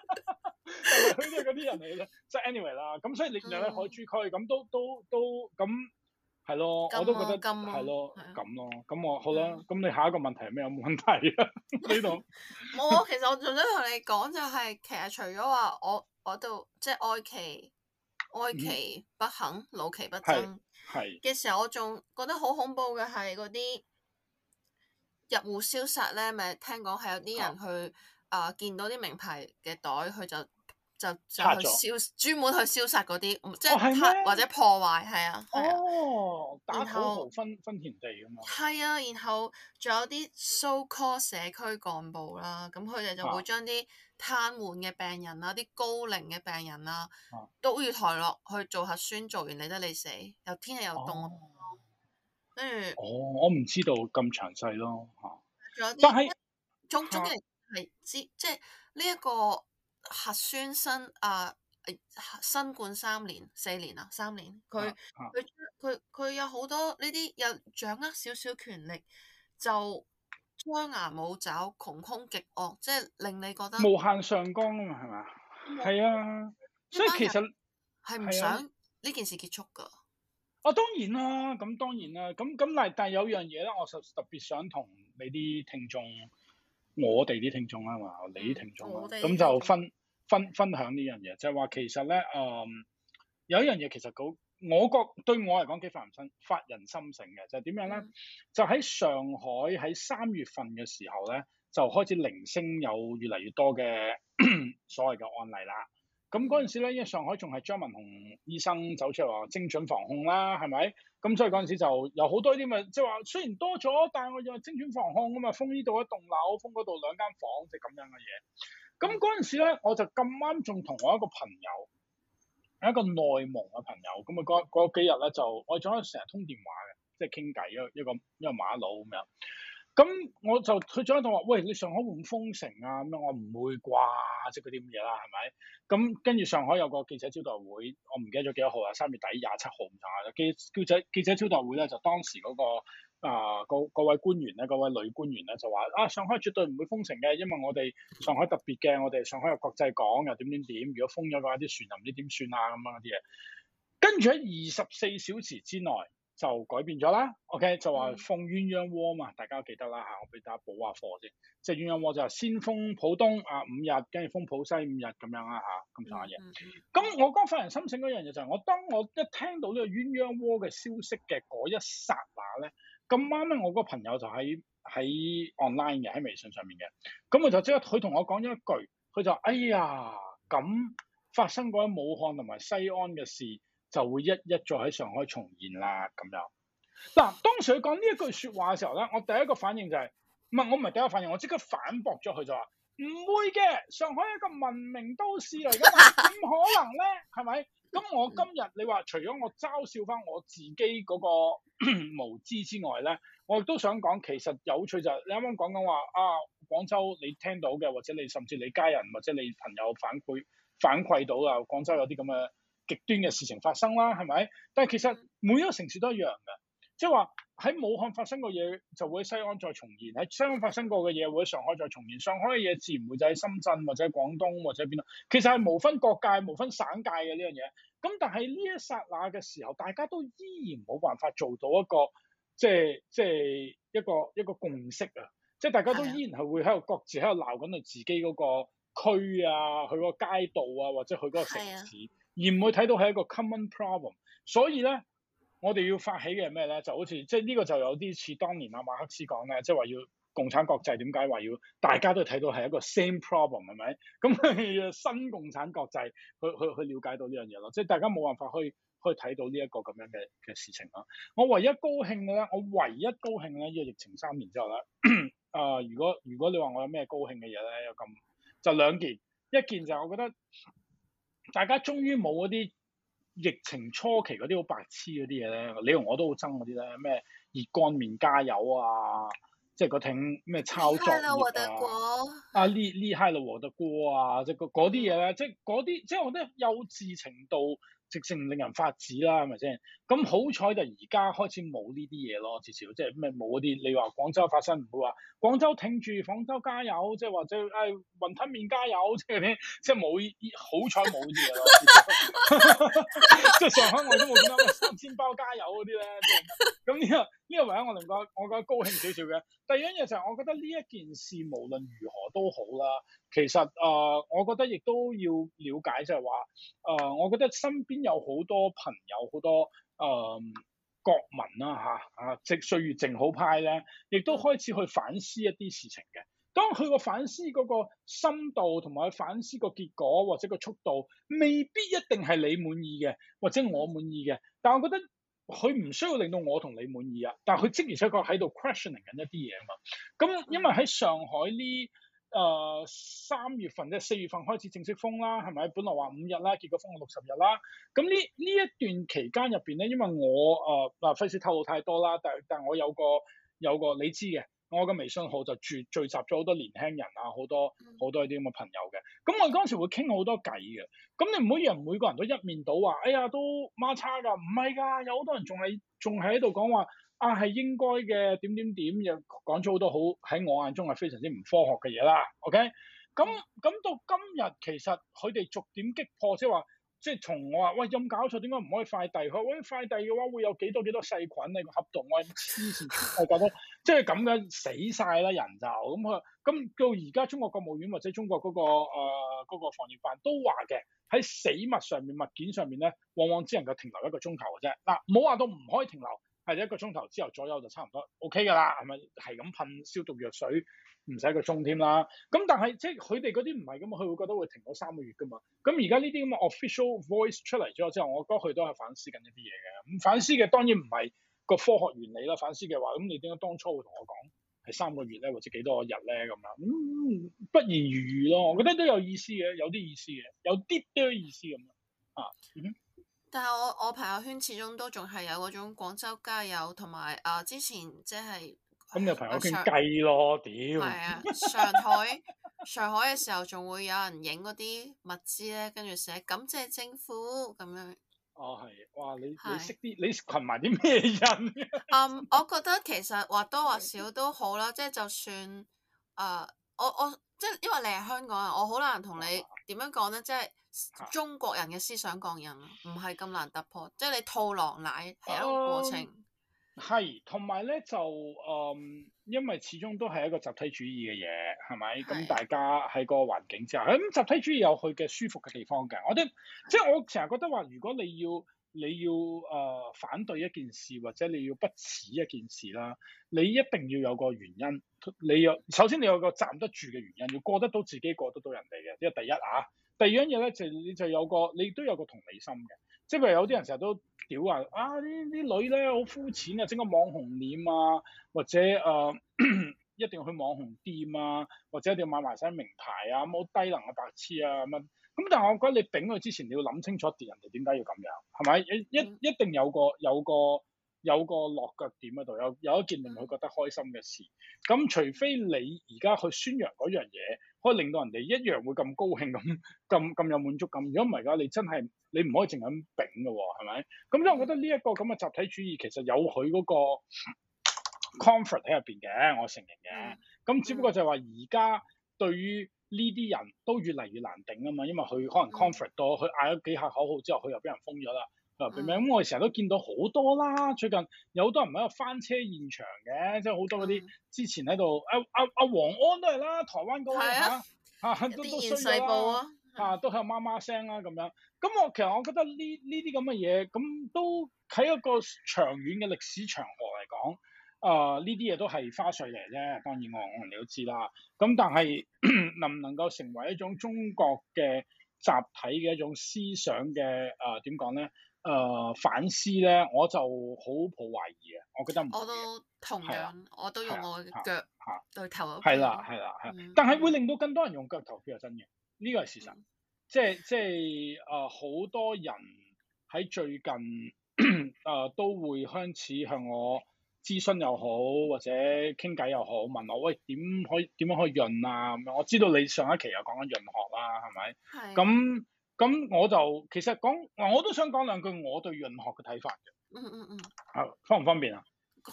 佢都係嗰啲人嚟咧，即係 anyway 啦。咁所以你又喺海珠區，咁都都都咁係咯，我都覺得係咯，咁咯。咁我好啦，咁你下一個問題係咩？有冇問題啊？呢度冇。其實我最想同你講就係，其實除咗話我。我度即係哀其哀其不幸，怒其、嗯、不爭嘅時候，我仲覺得好恐怖嘅係嗰啲入戶消殺咧，咪聽講係有啲人去啊、嗯呃、見到啲名牌嘅袋，佢就。就，就去消專噢門去消殺嗰啲，即係、哦、或者破壞，係啊，係啊、哦。後打土豪分分田地咁啊！係啊，然後仲有啲 so call 社區幹部啦，咁佢哋就會將啲癱瘓嘅病人，病人啊，啲高齡嘅病人啊，都要抬落去做核酸，做完理你得你死，又天氣又凍跟住。哦，後哦，我唔知道咁詳細咯，吓是。仲有啲，但係總之係知，即係呢一個。核酸新啊，新新冠三年四年，年啊，三年佢佢佢佢有好多呢啲有掌握少少，少權力就張牙舞爪、窮兇極惡，即係令你覺得無限上綱啊嘛，係咪？係吧啊，所以其實係唔想呢件事結束噶。啊當然啦，咁當然啦，咁咁但係但係有樣嘢咧，我就特別想同你啲聽眾。我哋啲聽眾啦嘛，你啲聽眾啦，咁、嗯、就分分分享呢樣嘢，就係、是、話其實咧，誒、呃、有一樣嘢其實我覺得對我嚟講幾發唔新發人深省嘅，就係、是、點樣咧？嗯、就喺上海喺三月份嘅時候咧，就開始零星有越嚟越多嘅 所謂嘅案例啦。咁嗰陣時咧，因為上海仲係張文宏醫生走出嚟話精準防控啦，係咪？咁所以嗰陣時就有好多啲咪即係話雖然多咗，但係我有精準防控啊嘛，封呢度一棟樓，封嗰度兩間房，即係咁樣嘅嘢。咁嗰陣時咧，我就咁啱仲同我一個朋友，一個內蒙嘅朋友，咁啊嗰幾日咧就我仲可以成日通電話嘅，即係傾偈，一個一個一個馬佬咁樣。咁我就退咗。喺度話，喂，你上海會唔封城啊？咁樣我唔會啩，即係嗰啲咁嘢啦，係咪？咁跟住上海有個記者招待會，我唔記得咗幾多號啦，三月底廿七號咁上下。記記者記者招待會咧，就當時嗰、嗰個啊，各、呃、位官員咧，嗰位女官員咧就話啊，上海絕對唔會封城嘅，因為我哋上海特別嘅，我哋上海有國際港又點點點，如果封咗嘅話，啲船又唔知點算啊，咁樣嗰啲嘢。跟住喺二十四小時之內，就改變咗啦，OK，、mm hmm. 就話封鴛鴦鍋嘛，大家記得啦嚇，我俾大家補下貨先。即係鴛鴦鍋就係先封浦東啊五日，跟住封浦西五日咁樣啦。嚇、啊，咁上下嘢。咁、mm hmm. 我剛發人申請發人深省嗰樣嘢就係、是、我當我一聽到呢個鴛鴦鍋嘅消息嘅嗰一剎那咧，咁啱咧我個朋友就喺喺 online 嘅喺微信上面嘅，咁我就即刻佢同我講咗一句，佢就哎呀，咁發生過喺武漢同埋西安嘅事。就會一一再喺上海重現啦咁樣。嗱，當時佢講呢一句説話嘅時候咧，我第一個反應就係、是，唔係我唔係第一個反應，我即刻反駁咗佢就話，唔 會嘅，上海係一個文明都市嚟㗎嘛，點可能咧？係咪？咁我今日你話除咗我嘲笑翻我自己嗰、那個 無知之外咧，我亦都想講，其實有趣就係你啱啱講緊話啊，廣州你聽到嘅或者你甚至你家人或者你朋友反饋反饋到啊，廣州有啲咁嘅極端嘅事情發生啦，係咪？但係其實每一個城市都一樣嘅，即係話喺武漢發生過嘅嘢就會喺西安再重現，喺西安發生過嘅嘢會喺上海再重現，上海嘅嘢自然會就喺深圳或者喺廣東或者邊度。其實係無分國界、無分省界嘅呢樣嘢。咁但係呢一剎那嘅時候，大家都依然冇辦法做到一個即係即係一個一個共識啊！即係大家都依然係會喺度各自喺度鬧緊佢自己嗰個區啊，佢個街道啊，或者佢嗰個城市。而唔會睇到係一個 common problem，所以咧，我哋要發起嘅係咩咧，就好似即係呢個就有啲似當年阿馬克思講嘅，即係話要共產國際點解話要大家都睇到係一個 same problem 係咪？咁 新共產國際去去去瞭解到呢樣嘢咯，即係大家冇辦法去去睇到呢一個咁樣嘅嘅事情咯。我唯一高興嘅咧，我唯一高興咧，呢個疫情三年之後咧，啊、 呃，如果如果你話我有咩高興嘅嘢咧，有咁就兩件，一件就係我覺得。大家終於冇嗰啲疫情初期嗰啲好白痴嗰啲嘢咧，你同我都好憎嗰啲咧，咩熱乾麵加油啊，即係嗰挺咩抄作業啊， 啊厲厲害啦我的哥啊，即係嗰啲嘢咧，即係啲即係我覺得幼稚程度。直情令人髮指啦，係咪先？咁好彩就而家開始冇呢啲嘢咯，至少即係咩冇嗰啲。你話廣州發生，唔好話廣州挺住，廣州加油，即係或者誒雲吞麪加油，即係咩？即係冇好彩冇嘢咯。即係 上海我都冇見到，生煎包加油嗰啲咧，咁呢個。呢個位我能夠我覺得高興少少嘅。第二樣嘢就係、呃，我覺得呢一件事無論如何都好啦。其實啊，我覺得亦都要了解就，就係話，啊，我覺得身邊有好多朋友、好多啊、呃、國民啦嚇啊，即、啊、歲月靜好派咧，亦都開始去反思一啲事情嘅。當佢個反思嗰個深度同埋反思個結果或者個速度，未必一定係你滿意嘅，或者我滿意嘅。但係我覺得。佢唔需要令到我同你滿意啊，但係佢的而且確喺度 questioning 緊一啲嘢啊嘛。咁因為喺上海呢，誒、呃、三月份即係四月份開始正式封啦，係咪？本來話五日啦，結果封咗六十日啦。咁呢呢一段期間入邊咧，因為我誒嗱，費、呃、事透露太多啦，但係但係我有個有個你知嘅。我嘅微信號就聚聚集咗好多年輕人啊，好多好、嗯、多啲咁嘅朋友嘅，咁我嗰陣時會傾好多偈嘅，咁你唔好以為每個人都一面倒話，哎呀都孖叉㗎，唔係㗎，有好多人仲係仲係喺度講話啊係應該嘅點點點，又講咗好多好喺我眼中係非常之唔科學嘅嘢啦，OK？咁咁到今日其實佢哋逐點擊破，即係話。即係從我話喂有冇搞錯？點解唔可以快遞？佢話喂快遞嘅話會有幾多幾多細菌啊？個盒毒我係黐線，我覺得即係咁樣死晒啦，人就咁佢咁到而家中國國務院或者中國嗰、嗰個誒、呃嗰個、防疫辦都話嘅喺死物上面物件上面咧，往往只能夠停留一個鐘頭嘅啫。嗱，冇、啊、話到唔可以停留。係一個鐘頭之後左右就差唔多 OK 㗎啦，係咪？係咁噴消毒藥水，唔使個鐘添啦。咁但係即係佢哋嗰啲唔係咁，佢會覺得會停咗三個月㗎嘛。咁而家呢啲咁嘅 official voice 出嚟咗之後，我覺得佢都係反思緊一啲嘢嘅。咁反思嘅當然唔係個科學原理啦，反思嘅話咁你點解當初會同我講係三個月咧，或者幾多個日咧咁樣？咁、嗯、不言而喻咯。我覺得都有意思嘅，有啲意思嘅，有啲多意思咁樣啊。嗯但係我我朋友圈始終都仲係有嗰種廣州加油同埋誒之前即係咁有朋友圈計咯屌！上海 上海嘅時候仲會有人影嗰啲物資咧，跟住寫感謝政府咁樣。哦係、啊，哇！你你識啲你群埋啲咩人？嗯是， um, 我覺得其實或多或少都好啦，即係 就，就算誒、uh,，我我即係因為你係香港人，我好難同你點樣講咧，即係、啊。中國人嘅思想鋼印，唔係咁難突破，即、就、係、是、你套狼奶係一個過程。係、嗯，同埋咧就誒、嗯，因為始終都係一個集體主義嘅嘢，係咪？咁是大家喺個環境之下，咁、嗯、集體主義有佢嘅舒服嘅地方嘅。我哋是即係我成日覺得話，如果你要。你要啊、呃、反對一件事，或者你要不齒一件事啦，你一定要有個原因。你有首先你有個站得住嘅原因，要過得到自己過得到人哋嘅，呢個第一啊。第二樣嘢咧就你就有個你都有個同理心嘅，即係譬如有啲人成日都屌人啊，呢啲女咧好膚淺啊，整個網紅臉啊，或者啊、呃、 一定要去網紅店啊，或者一定要買埋晒名牌啊，咁好低能啊白痴啊咁樣。咁但係我覺得你頂佢之前你要諗清楚，啲人哋點解要咁樣，係咪？嗯、一一一定有個有個有個落腳點喺度，有有一件令佢覺得開心嘅事。咁除非你而家去宣揚嗰樣嘢，可以令到人哋一樣會咁高興咁咁咁有滿足感。如果唔係㗎，你真係你唔可以淨係咁頂㗎喎，係咪？咁所以我覺得呢、這、一個咁嘅集體主義其實有佢嗰個 comfort 喺入邊嘅，我承認嘅。咁只不過就係話而家對於。呢啲人都越嚟越難頂啊嘛，因為佢可能 conflict 多，佢嗌咗幾下口號之後，佢又俾人封咗啦。咁、嗯、我哋成日都見到好多啦，最近有好多人喺度翻車現場嘅，即係好多嗰啲之前喺度阿阿阿黃安都係啦，台灣嗰個嚇嚇都都衰啦，嚇都喺度媽媽聲啦咁樣。咁、嗯嗯、我其實我覺得呢呢啲咁嘅嘢，咁都喺一個長遠嘅歷史長河嚟講。啊！呢啲嘢都係花絮嚟啫，當然我我哋都知啦。咁但係能唔能夠成為一種中國嘅集體嘅一種思想嘅啊點講咧？啊反思咧，我就好抱懷疑啊！我覺得唔，我都同樣，我都用我嘅腳嚇嚟投票，係啦係啦係。但係會令到更多人用腳投票係真嘅，呢個係事實。即係即係啊！好多人喺最近啊都會開始向我。諮詢又好，或者傾偈又好，問我，喂，點可以點樣可，可以潤啊咁樣。我知道你上一期又講緊潤學啦，係咪？係是、啊。咁咁我就其實講，我都想講兩句我對潤學嘅睇法嘅。嗯嗯嗯。係，方唔方便啊？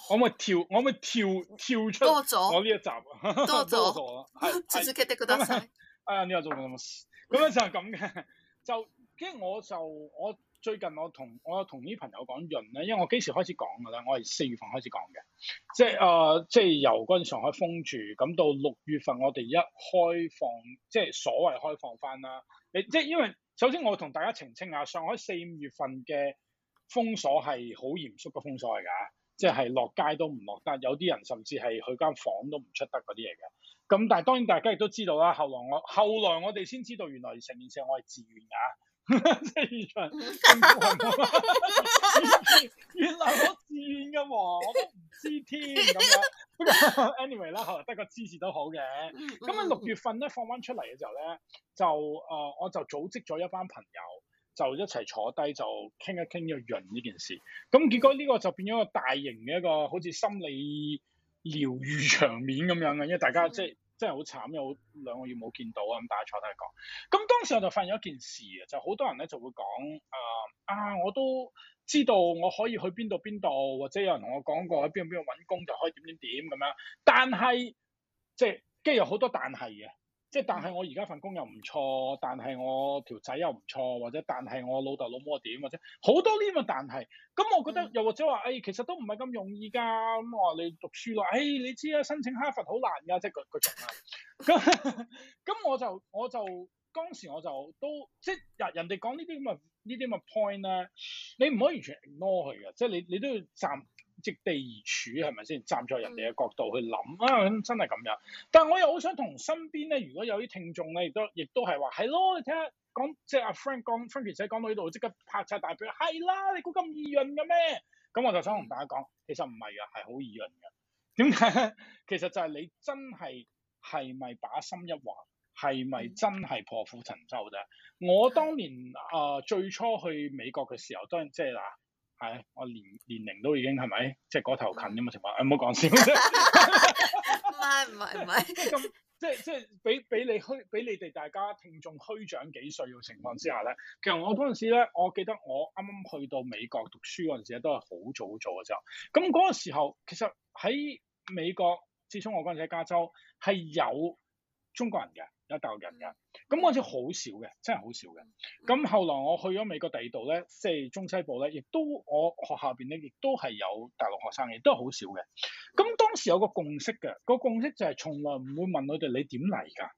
我咪跳，我咪跳跳出。多咗。我呢一集。多咗。多咗 吐 wurf？啊，你又做咁多事。咁啊就係咁嘅，就跟我就我。最近我同我同啲朋友講潤咧，因為我幾時開始講㗎喇？我係四月份開始講嘅，即係啊、呃，即係由嗰陣上海封住，咁到六月份我哋一開放，即係所謂開放翻啦。你即係因為首先我同大家澄清下，上海四五月份嘅封鎖係好嚴肅嘅封鎖嚟㗎，即係落街都唔落得，有啲人甚至係去間房都唔出得嗰啲嘢嘅。咁但係當然大家亦都知道啦，後來我後來我哋先知道原來成件事我係自願㗎即係現場，原來我自願嘅喎，我都唔知添咁樣。Anyway 啦，得個知識都好嘅。咁啊、嗯，六、嗯、月份咧放返出嚟嘅時候咧，就誒、呃，我就組織咗一班朋友，就一齊坐低就傾一傾呢個潤呢件事。咁結果呢個就變咗個大型嘅一個好似心理療愈場面咁樣嘅，因為大家即係。嗯真係好慘，有兩個月冇見到啊！咁大家坐低嚟講。咁當時我就發現一件事啊，就好多人咧就會講啊、呃、啊，我都知道我可以去邊度邊度，或者有人同我講過喺邊度邊度揾工就可以點點點咁樣。但係即係跟住有好多但係嘅。即係但係我而家份工又唔錯，但係我條仔又唔錯，或者但係我老豆老母又點，或者好多呢啲咁嘅但係，咁我覺得、嗯、又或者話誒、哎、其實都唔係咁容易噶，咁我話你讀書咯，誒、哎、你知啦，申請哈佛好難噶，即係佢佢重啊，咁咁我就我就當時我就都即係、就是、人人哋講呢啲咁嘅呢啲咁嘅 point 咧，你唔可以完全 ignore 佢噶，即、就、係、是、你你都要站。即地而處係咪先？站在人哋嘅角度去諗啊！真係咁樣，但係我又好想同身邊咧，如果有啲聽眾咧，亦都亦都係話係咯，你睇下講即係、啊、阿 Frank 講 Frankie 仔講到呢度，即刻拍晒大腿係啦！你估咁易潤嘅咩？咁我就想同大家講，其實唔係啊，係好易潤嘅。點解？其實就係你真係係咪把心一橫，係咪真係破釜沉舟啫？我當年啊、呃，最初去美國嘅時候，當然即係嗱。啊係，我年年齡都已經係咪，即係嗰頭近咁嘅情況，唔好講笑。唔係唔係唔係，即係即係俾俾你虛，俾你哋大家聽眾虛長幾歲嘅情況之下咧，其實我嗰陣時咧，我記得我啱啱去到美國讀書嗰陣時都係好早做嘅啫。咁嗰個時候，其實喺美國，自從我嗰陣時喺加州係有中國人嘅。有大陸人噶，咁嗰陣時好少嘅，真係好少嘅。咁後來我去咗美國第二度咧，即係中西部咧，亦都我學校邊咧，亦都係有大陸學生，亦都係好少嘅。咁當時有個共識嘅，個共識就係從來唔會問佢哋你點嚟噶，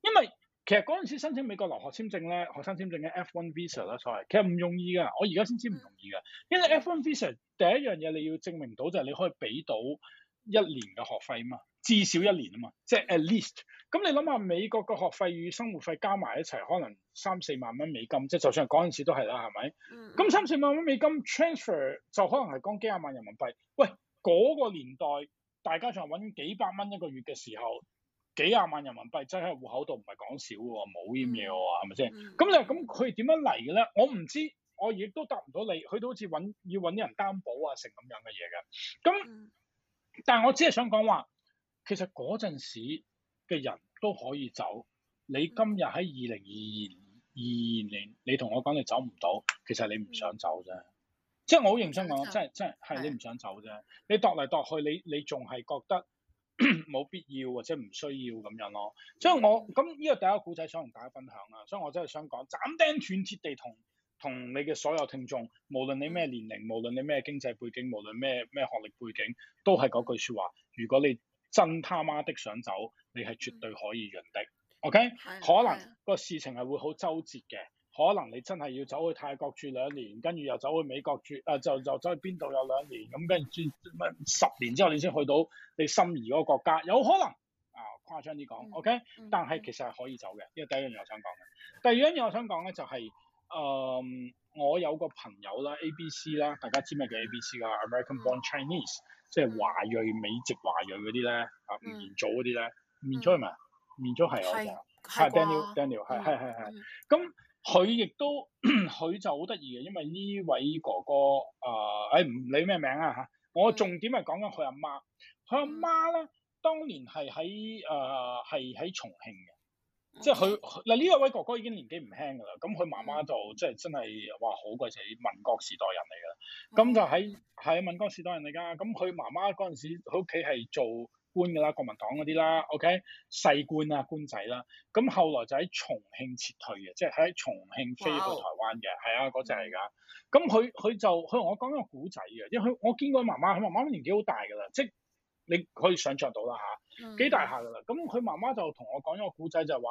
因為其實嗰陣時申請美國留學簽證咧，學生簽證嘅 F1 visa 啦，所謂其實唔容易噶，我而家先知唔容易噶，因為 F1 visa 第一樣嘢你要證明到就係你可以俾到一年嘅學費嘛。至少一年啊嘛，即係 at least。咁你諗下美國個學費與生活費加埋一齊，可能三四萬蚊美金。即係就算嗰陣時都係啦，係咪？咁、嗯、三四萬蚊美金 transfer 就可能係講幾廿萬人民幣。喂，嗰、嗰個年代大家仲係揾幾百蚊一個月嘅時候，幾廿萬人民幣真係喺戶口度唔係講少喎，冇咁嘢喎，係咪先？咁、嗯、你咁佢點樣嚟嘅咧？我唔知，我亦都答唔到你。佢都好似揾要揾啲人擔保啊，成咁樣嘅嘢嘅。咁，但係我只係想講話。其實嗰陣時嘅人都可以走，你今日喺二零二二年，嗯、你同我講你走唔到，其實你唔想走啫。嗯、即係我好認真講，真係真係係你唔想走啫。你度嚟度去，你你仲係覺得冇 必要或者唔需要咁樣咯。嗯、所以我咁呢個第一個故仔想同大家分享啊。所以我真係想講斬釘斷鐵地同同你嘅所有聽眾，無論你咩年齡，無論你咩經濟背景，無論咩咩學歷背景，都係嗰句説話：如果你真他媽的想走，你係絕對可以潤的，OK？可能的個事情係會好周折嘅，可能你真係要走去泰國住兩年，跟住又走去美國住，啊、呃、就就走去邊度有兩年，咁跟住乜十年之後你先去到你心儀嗰個國家，有可能啊誇張啲講，OK？嗯、但係其實係可以走嘅，呢個第一樣嘢我想講嘅。第二樣嘢我想講咧就係、是，誒、呃、我有個朋友啦，A B C 啦，ABC，大家知咩叫 A B C 噶，American Born Chinese。即係華裔、美籍華裔嗰啲咧，啊吳彥祖嗰啲咧，彥祖係咪？彥祖係我就係 Daniel，Daniel 係係係係。咁佢亦都佢就好得意嘅，因為呢位哥哥、呃哎、啊，誒唔理咩名啊嚇，我重點係講緊佢阿媽，佢阿媽咧，當年係喺誒係喺重慶嘅。即係佢嗱呢一位哥哥已經年紀唔輕噶啦，咁佢媽媽就即係真係話好鬼死民國時代人嚟噶，咁、嗯、就喺係啊民國時代人嚟噶，咁佢媽媽嗰陣時佢屋企係做官噶啦，國民黨嗰啲啦，OK 細官啊官仔啦，咁後來就喺重慶撤退嘅，哇即係喺重慶飛去台灣嘅，係哇啊嗰隻嚟噶，咁佢佢就佢同我講一個古仔嘅，因為佢我見過媽媽，佢媽媽年紀好大噶啦，即你可以想像到啦嚇，幾大下噶啦。咁佢媽媽就同我講一個故仔，就係話，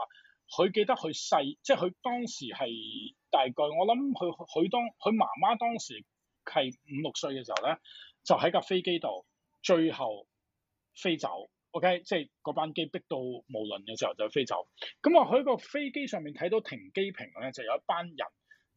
佢記得佢細，即係佢當時係大概我諗佢佢當佢媽媽當時係五六歲嘅時候咧，就喺架飛機度，最後飛走。OK，即係嗰班機逼到無論嘅時候就飛走。咁我喺個飛機上面睇到停機坪咧，就有一班人。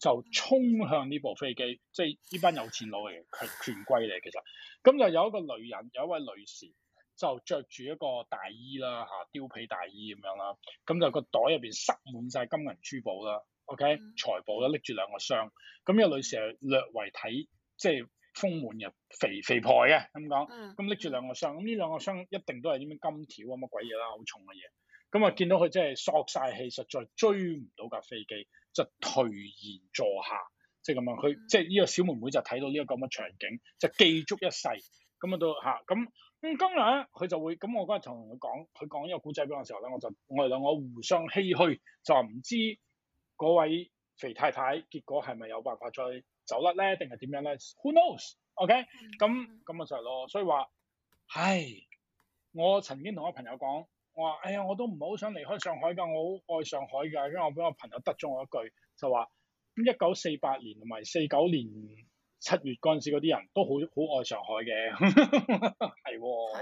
就衝向呢部飛機，即係呢班有錢佬嚟嘅，權貴嚟其實，咁就有一個女人，有一位女士，就着住一個大衣啦，嚇貂皮大衣咁樣啦，咁就個袋入邊塞滿晒金銀珠寶啦，OK、嗯、財寶啦，拎住兩個箱，咁呢個女士係略為睇，即係豐滿嘅肥肥婆嘅咁講，咁拎住兩個箱，咁呢、嗯、兩個箱一定都係啲咩金條啊、乜鬼嘢啦，好重嘅嘢。咁啊！見到佢真係索晒氣，實在追唔到架飛機，就頹然坐下，即係咁樣。佢即係呢個小妹妹就睇到呢個咁嘅場景，就記足一世。咁啊都嚇咁咁今日咧，佢、嗯嗯嗯嗯、就會咁。我嗰日同佢講，佢講呢個古仔俾我嘅時候咧，我就我哋兩個互相唏噓，就唔知嗰位肥太太結果係咪有辦法再走甩咧，定係點樣咧？Who knows？OK？咁咁啊就係咯。所以話，唉我曾經同我朋友講。我話：哎呀，我都唔好想離開上海㗎，我好愛上海㗎。因為我俾我朋友得咗我一句，就話：咁一九四八年同埋四九年七月嗰陣時，嗰啲人都好好愛上海嘅。係喎，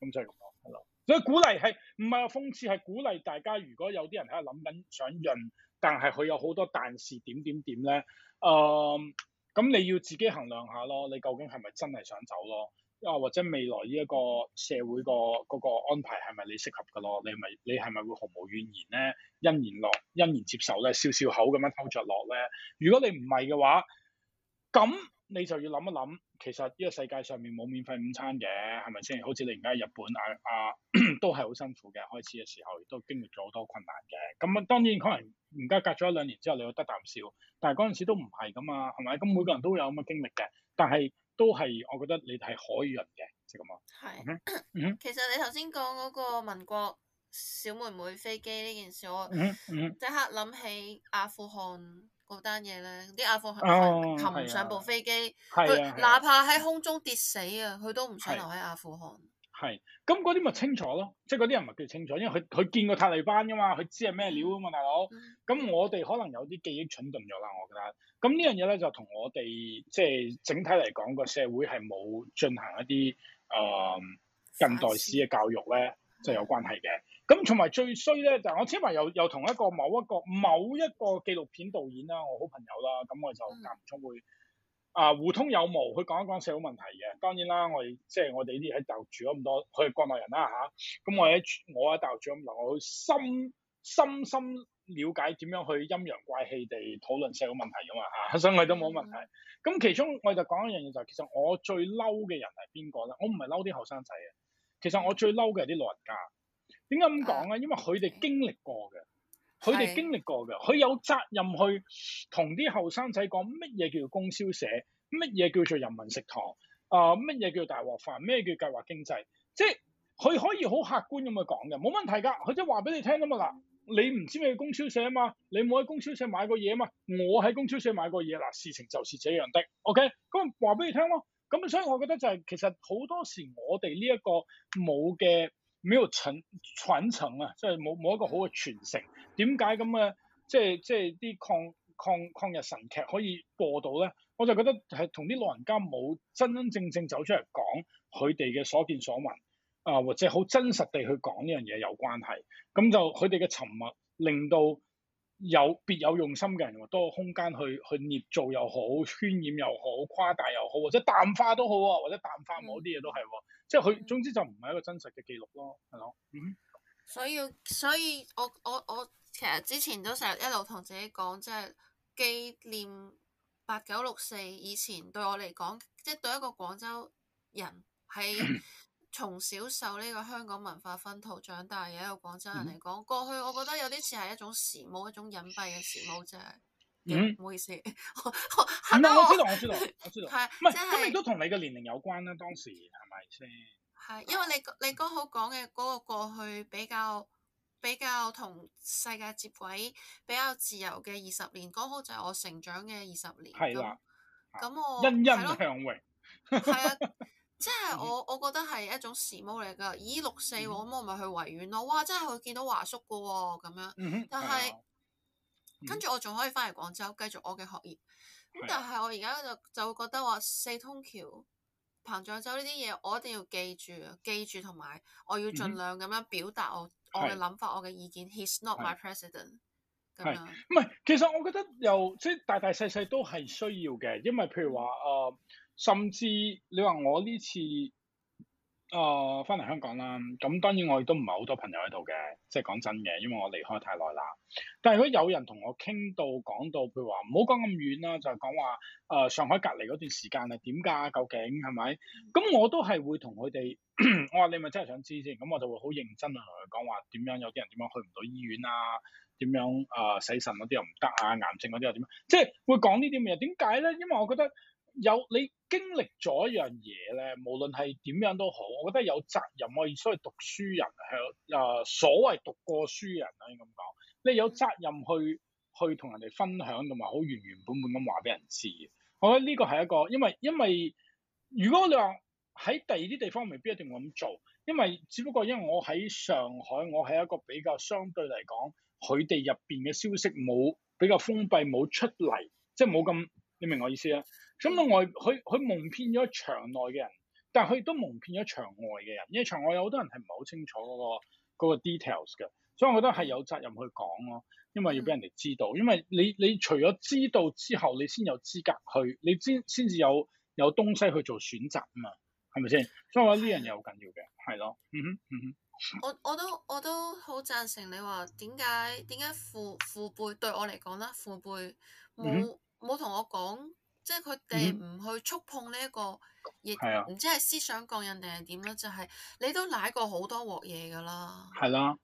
咁就係咁講。所以鼓勵係唔係話諷刺，係鼓勵大家。如果有啲人喺度諗緊想潤，但係佢有好多但是點點點咧。誒，咁、呃、你要自己衡量下咯。你究竟係咪真係想走咯？啊，或者未來呢一個社會、個個嗰安排係咪你適合嘅咯？你咪你係咪會毫無怨言咧？欣然落，欣然接受咧，笑笑口咁樣偷着落咧。如果你唔係嘅話，咁你就要諗一諗，其實呢個世界上面冇免費午餐嘅，係咪先？好似你而家喺日本啊啊，啊都係好辛苦嘅，開始嘅時候亦都經歷咗好多困難嘅。咁啊，當然可能而家隔咗一兩年之後，你會有得啖笑，但係嗰陣時都唔係噶嘛，係咪？咁每個人都會有咁嘅經歷嘅，但係。都係，我覺得你係可以人嘅，就咁、是、啊。係是，嗯、哼其實你頭先講嗰個民國小妹妹飛機呢件事，我即刻諗起阿富汗嗰單嘢咧，啲阿富汗擒、哦、上部飛機，佢哪怕喺空中跌死啊，佢都唔想留喺阿富汗。係，咁嗰啲咪清楚咯，即係嗰啲人咪叫清楚，因為佢佢見過塔利班噶嘛，佢知係咩料噶嘛，大佬。咁、嗯、我哋可能有啲記憶蠢頓咗啦，我覺得。咁呢樣嘢咧就同我哋即係整體嚟講個社會係冇進行一啲誒、呃、近代史嘅教育咧，即係有關係嘅。咁同埋最衰咧，就我之前又又同一個某一個某一個紀錄片導演啦，我好朋友啦，咁我就間唔中會。嗯啊，互通有無，去講一講社會問題嘅，當然啦，我哋即係我哋呢啲喺大陸住咗咁多，佢係國內人啦嚇。咁、啊嗯、我喺我喺大陸住咁耐，我深深深了解點樣去陰陽怪氣地討論社會問題㗎嘛嚇，我想佢都冇問題。咁、嗯嗯嗯、其中我就講一樣嘢就係，其實我最嬲嘅人係邊個咧？我唔係嬲啲後生仔嘅，其實我最嬲嘅係啲老人家。點解咁講咧？因為佢哋經歷過嘅。佢哋經歷過嘅，佢有責任去同啲後生仔講乜嘢叫做供銷社，乜嘢叫做人民食堂，啊乜嘢叫大鑊飯，咩叫計劃經濟，即係佢可以好客觀咁去講嘅，冇問題㗎，佢即係話俾你聽㗎嘛嗱，你唔知咩叫供銷社啊嘛，你冇喺供銷社買過嘢啊嘛，我喺供銷社買過嘢嗱，事情就是這樣的，OK，咁話俾你聽咯，咁所以我覺得就係、是、其實好多時我哋呢一個冇嘅。沒有傳傳承啊，即係冇冇一個好嘅傳承。點解咁嘅即係即係啲抗抗抗日神劇可以播到咧？我就覺得係同啲老人家冇真真正正走出嚟講佢哋嘅所見所聞，啊、呃，或者好真實地去講呢樣嘢有關係，咁就佢哋嘅沉默令到。有別有用心嘅人，多個空間去去捏造又好，渲染又好，誇大又好，或者淡化都好，或者淡化某啲嘢都係，嗯、即係佢總之就唔係一個真實嘅記錄咯，係咯、嗯。所以所以我我我其實之前都成日一路同自己講，即係紀念八九六四以前對我嚟講，即係對一個廣州人喺。 從小受呢個香港文化熏陶長大嘅一個廣州人嚟講，嗯、過去我覺得有啲似係一種時髦，一種隱蔽嘅時髦，真係、嗯。唔好意思。我知道，我知道，我知道。係，唔係咁亦都同你嘅年齡有關啦。當時係咪先？係，因為你你剛好講嘅嗰個過去比較比較同世界接軌、比較自由嘅二十年，剛好就係我成長嘅二十年。係啦的。咁我欣欣向榮。係啊。即係我，嗯、我覺得係一種時髦嚟噶。咦，六四咁我咪去維園咯。哇，真係去見到華叔噶喎，咁樣。但係，跟住我仲可以翻嚟廣州繼續我嘅學業。咁但係我而家就就會覺得話四通橋、彭載舟呢啲嘢，我一定要記住啊，記住同埋我要盡量咁樣表達我、嗯、哼我嘅諗法、是我嘅意見。是 He’s not my president 是。咁樣。唔係，其實我覺得又即係大大細細都係需要嘅，因為譬如話誒。呃嗯甚至你話我呢次，啊、呃，翻嚟香港啦，咁當然我亦都唔係好多朋友喺度嘅，即係講真嘅，因為我離開太耐啦。但係如果有人同我傾到講到，譬如話唔好講咁遠啦，就係講話，誒、呃、上海隔離嗰段時間係點㗎？究竟係咪？咁我都係會同佢哋，我話你咪真係想知先，咁我就會好認真去同佢講話點樣，有啲人點樣去唔到醫院啊，點樣啊洗腎嗰啲又唔得啊，癌症嗰啲又點樣？即係會講呢啲咩嘢，點解咧？因為我覺得。有你經歷咗一樣嘢咧，無論係點樣都好，我覺得有責任。我以所謂讀書人係啊、呃，所謂讀過書人可以咁講，你有責任去去同人哋分享，同埋好原原本本咁話俾人知。我覺得呢個係一個，因為因為如果你話喺第二啲地方，未必一定會咁做，因為只不過因為我喺上海，我係一個比較相對嚟講，佢哋入邊嘅消息冇比較封閉，冇出嚟，即係冇咁，你明我意思啊？咁外佢佢蒙騙咗場內嘅人，但係佢亦都蒙騙咗場外嘅人，因為場外有好多人係唔係好清楚嗰、嗰個嗰個 details 嘅，所以我覺得係有責任去講咯，因為要俾人哋知道，嗯、因為你你除咗知道之後，你先有資格去，你先先至有有東西去做選擇啊嘛，係咪先？所以我覺得呢樣嘢好緊要嘅，係咯、嗯，嗯哼嗯哼。我我都我都好贊成你話點解點解父父輩對我嚟講咧，父輩冇冇同我講。即係佢哋唔去觸碰呢、這、一個，亦唔、嗯、知係思想覺引定係點咯，啊、就係你都舐過好多鑊嘢噶啦。係啦、啊，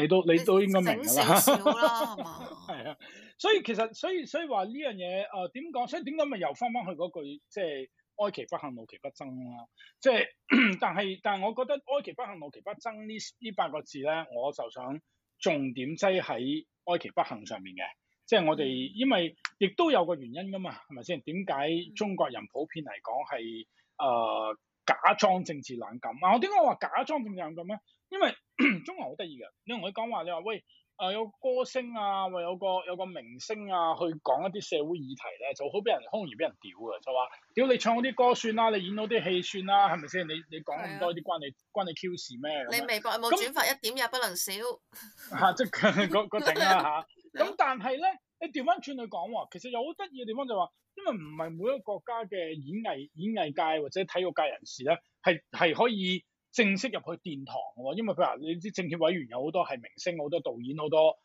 你都你，你都應該明啦。係 啊，所以其實所以所以話呢樣嘢誒點講？所以點解咪又翻翻去嗰句即係哀其不幸，怒其不爭啦、啊？即、就、係、是、 但係但係，我覺得哀其不幸，怒其不爭呢呢八個字咧，我就想重點擠喺哀其不幸上面嘅。即係我哋，因為亦都有個原因噶嘛，係咪先？點解中國人普遍嚟講係誒假裝政治冷感？啊、我點解我話假裝政治冷感咧？因為 中國人好得意嘅，你同佢講話，你話喂誒、呃、有歌星啊，或有個有個明星啊，去講一啲社會議題咧，就好俾人好容易俾人屌嘅，就話屌你唱嗰啲歌算啦，你演嗰啲戲算啦，係咪先？你你講咁多啲關你，是、啊、關，你關你 Q 事咩？你微博有冇轉發那一點也不能少。嚇！即係嗰嗰停一下。咁但係咧，你調翻轉去講，其實有好得意嘅地方就係話，因為唔係每一個國家嘅演藝演藝界或者體育界人士咧，係係可以正式入去殿堂嘅喎。因為佢話，你知政協委員有好多係明星，好多導演，好多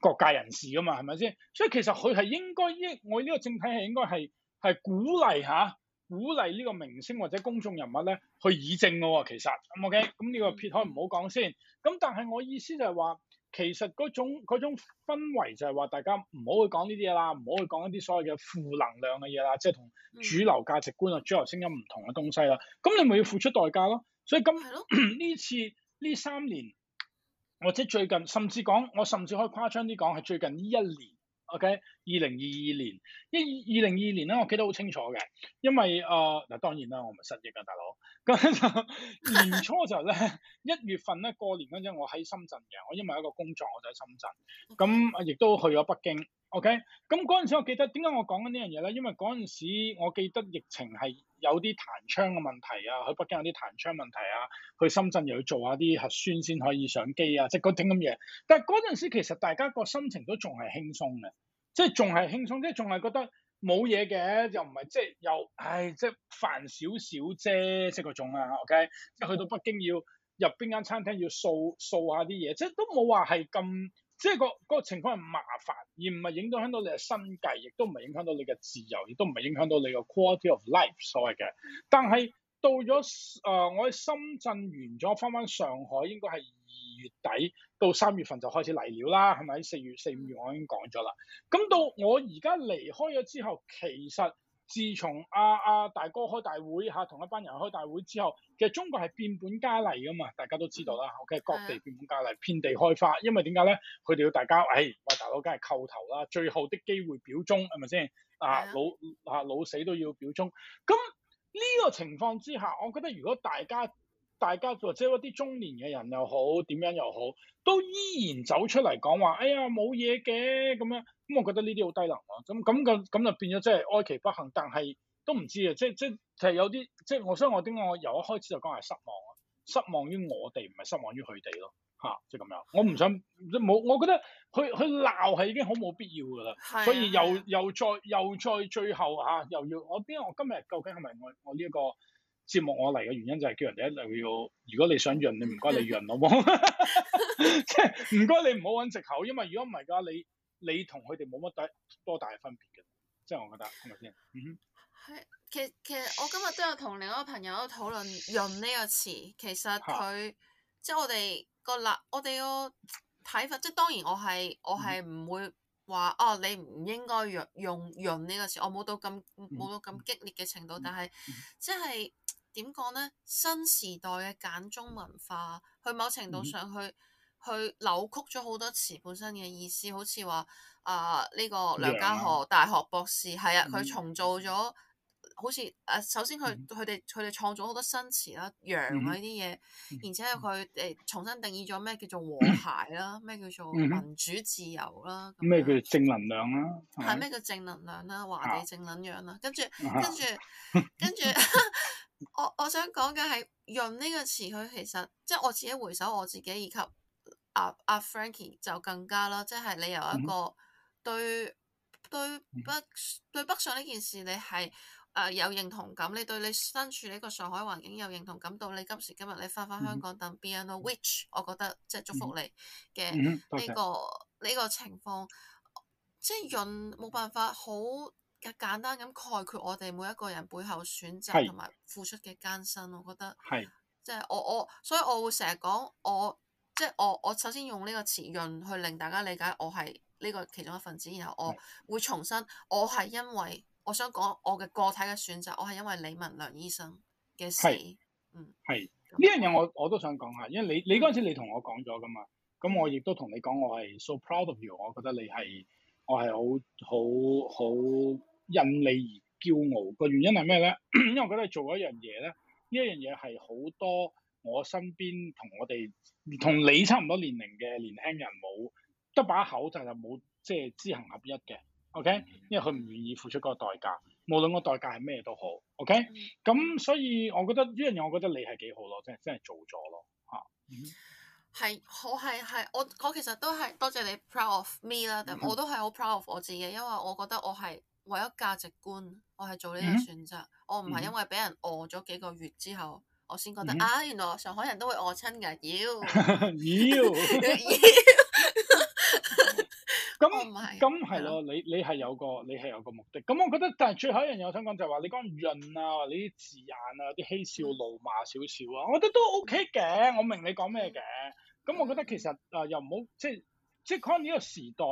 各界人士㗎嘛，係咪先？所以其實佢係應該依我呢個政體係應該係係鼓勵吓，鼓勵呢個明星或者公眾人物咧去議政嘅喎。其實咁 OK，咁呢個撇開唔好講先。咁但係我意思就係話。其實嗰種嗰種氛圍就係話大家唔好去講呢啲嘢啦，唔好去講一啲所謂嘅負能量嘅嘢啦，即係同主流價值觀啊、主流聲音唔同嘅東西啦。咁你咪要付出代價咯。所以咁呢 次呢三年，或者最近，甚至講我甚至可以誇張啲講係最近呢一年。OK，二零二二年，二零二二年咧，我記得好清楚嘅，因為誒，嗱、呃、當然啦，我唔係失憶噶大佬，咁 年初時候咧，一月份咧過年嗰陣，我喺深圳嘅，我因為一個工作，我就喺深圳，咁啊亦都去咗北京，OK，咁嗰陣時我記得，點解我講緊呢樣嘢咧？因為嗰陣時我記得疫情係。有啲彈窗嘅問題啊，去北京有啲彈窗問題啊，去深圳又要做下啲核酸先可以上機啊，即係嗰種咁嘢。但係嗰陣時其實大家個心情都仲係輕鬆嘅，即係仲係輕鬆，即係仲係覺得冇嘢嘅，又唔係即係又，唉，即係煩少少啫，即係嗰種啊，OK。即係去到北京要入邊間餐廳要掃掃下啲嘢，即係都冇話係咁。即係個個情況係麻煩，而唔係影響到你嘅生計，亦都唔係影響到你嘅自由，亦都唔係影響到你嘅 quality of life 所謂嘅。但係到咗啊、呃，我喺深圳完咗，翻返上海應該係二月底到三月份就開始嚟了啦，係咪？四月四五月我已經講咗啦。咁到我而家離開咗之後，其實～自從阿阿、啊啊、大哥開大會嚇、啊，同一班人開大會之後，其實中國係變本加厲㗎嘛，大家都知道啦。Mm hmm. OK，各地變本加厲，遍地開花。因為點解咧？佢哋要大家，哎，喂，大佬梗係叩頭啦，最後的機會表忠係咪先？啊，mm hmm. 老啊老死都要表忠。咁呢、這個情況之下，我覺得如果大家，大家即係嗰啲中年嘅人又好，點樣又好，都依然走出嚟講話，哎呀冇嘢嘅咁樣，咁我覺得呢啲好低能啊！咁咁嘅咁就變咗即係哀其不幸，但係都唔知啊！即即係有啲即係，我想我點解？由一開始就講係失望啊！失望於我哋，唔係失望於佢哋咯嚇，即係咁樣。我唔想冇，我覺得佢佢鬧係已經好冇必要㗎啦，所以又的又再又再最後嚇又要我邊？我今日究竟係咪我我呢一個？節目我嚟嘅原因就係叫人哋一路要，如果你想潤，你唔該你潤好冇？唔該 你唔好揾藉口，因為如果唔係嘅話，你你同佢哋冇乜大多大分別嘅，即、就、係、是、我覺得，係咪先？嗯，其實其實我今日都有同另一個朋友討論潤呢個詞，其實佢、啊、即係我哋、嗰個立，我哋嘅睇法，即係當然我係我係唔會話、嗯、哦，你唔應該用用潤呢個詞，我冇到咁冇、嗯、到咁激烈嘅程度，但係、嗯、即係。點講咧？新時代嘅簡中文化，佢某程度上，去佢扭曲咗好多詞本身嘅意思，好似話啊呢個梁家河大學博士係啊，佢重做咗好似誒，首先佢佢哋佢哋創造好多新詞啦，陽啊呢啲嘢，然之後佢誒重新定義咗咩叫做和諧啦，咩叫做民主自由啦，咩叫做正能量啦，係咩叫正能量啦，華地正能量啦，跟住跟住跟住。我我想講嘅係潤呢個詞，佢其實即係我自己回首我自己以及阿阿 Frankie 就更加啦，即係你由一個對、mm hmm. 對，對北，對北上呢件事你係誒、呃、有認同感，你對你身處呢個上海環境有認同感，到你今時今日你翻返香港等 BNO，which 我覺得即係祝福你嘅呢、這個呢、mm hmm. 這個這個情況，即係潤冇辦法好，嘅簡單咁概括，我哋每一個人背後選擇同埋付出嘅艱辛，我覺得，係即係我我，所以我會成日講我，即係我我首先用呢個詞語去令大家理解我係呢個其中一份子，然後我會重申：「我係因為我想講我嘅個體嘅選擇，我係因為李文亮醫生嘅事。」嗯，係呢樣嘢我我都想講下，因為你你嗰陣時你同我講咗㗎嘛，咁我亦都同你講我係 so proud of you，我覺得你係我係好好好。因你而驕傲，個原因係咩咧？因為我覺得做一樣嘢咧，呢一樣嘢係好多我身邊同我哋同你差唔多年齡嘅年輕人冇得把口就，就係又冇即係知行合一嘅，OK？因為佢唔願意付出嗰個代價，無論個代價係咩都好，OK？咁所以我覺得呢樣嘢，我覺得你係幾好咯，真係真係做咗咯，吓、啊，係、嗯，我係係我我其實都係多謝你 proud of me 啦，我都係好 proud of 我自己，因為我覺得我係。為咗價值觀，我係做呢個選擇。我唔係因為俾人餓咗幾個月之後，我先覺得啊，原來上海人都會餓親嘅。妖妖，咁唔係咁係咯，你你係有個你係有個目的。咁我覺得但係最後一樣嘢，我想講就係話你講潤啊，你啲字眼啊，啲嬉笑怒罵少少啊，我覺得都 OK 嘅。我明你講咩嘅。咁我覺得其實啊，又唔好即係即係可能呢個時代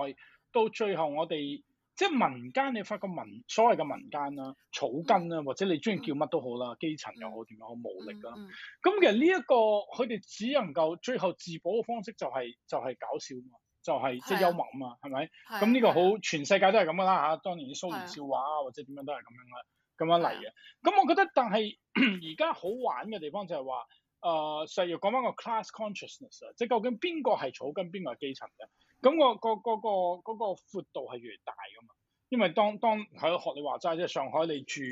到最後我哋。即係民間，你發覺民所謂嘅民間啦、嗯、草根啊，或者你鍾意叫乜都好啦，嗯、基層又好點樣好無力啦、啊。咁、嗯嗯、其實呢、這、一個佢哋只能夠最後自保嘅方式就係、是、就係、是、搞笑啊，嘛，就係即係幽默啊嘛，係咪？咁呢個好全世界都係咁噶啦嚇，當年啲蘇聯笑話啊，或者點樣都係咁樣嘅咁樣嚟嘅。咁、嗯嗯嗯、我覺得，但係而家好玩嘅地方就係話，誒、呃，所以要講返個 class consciousness 啊，即係究竟邊個係草根，邊個係基層嘅？咁個個嗰個嗰、嗰個闊度係越嚟越大噶嘛，因為當當喺學你話齋即係，上海你住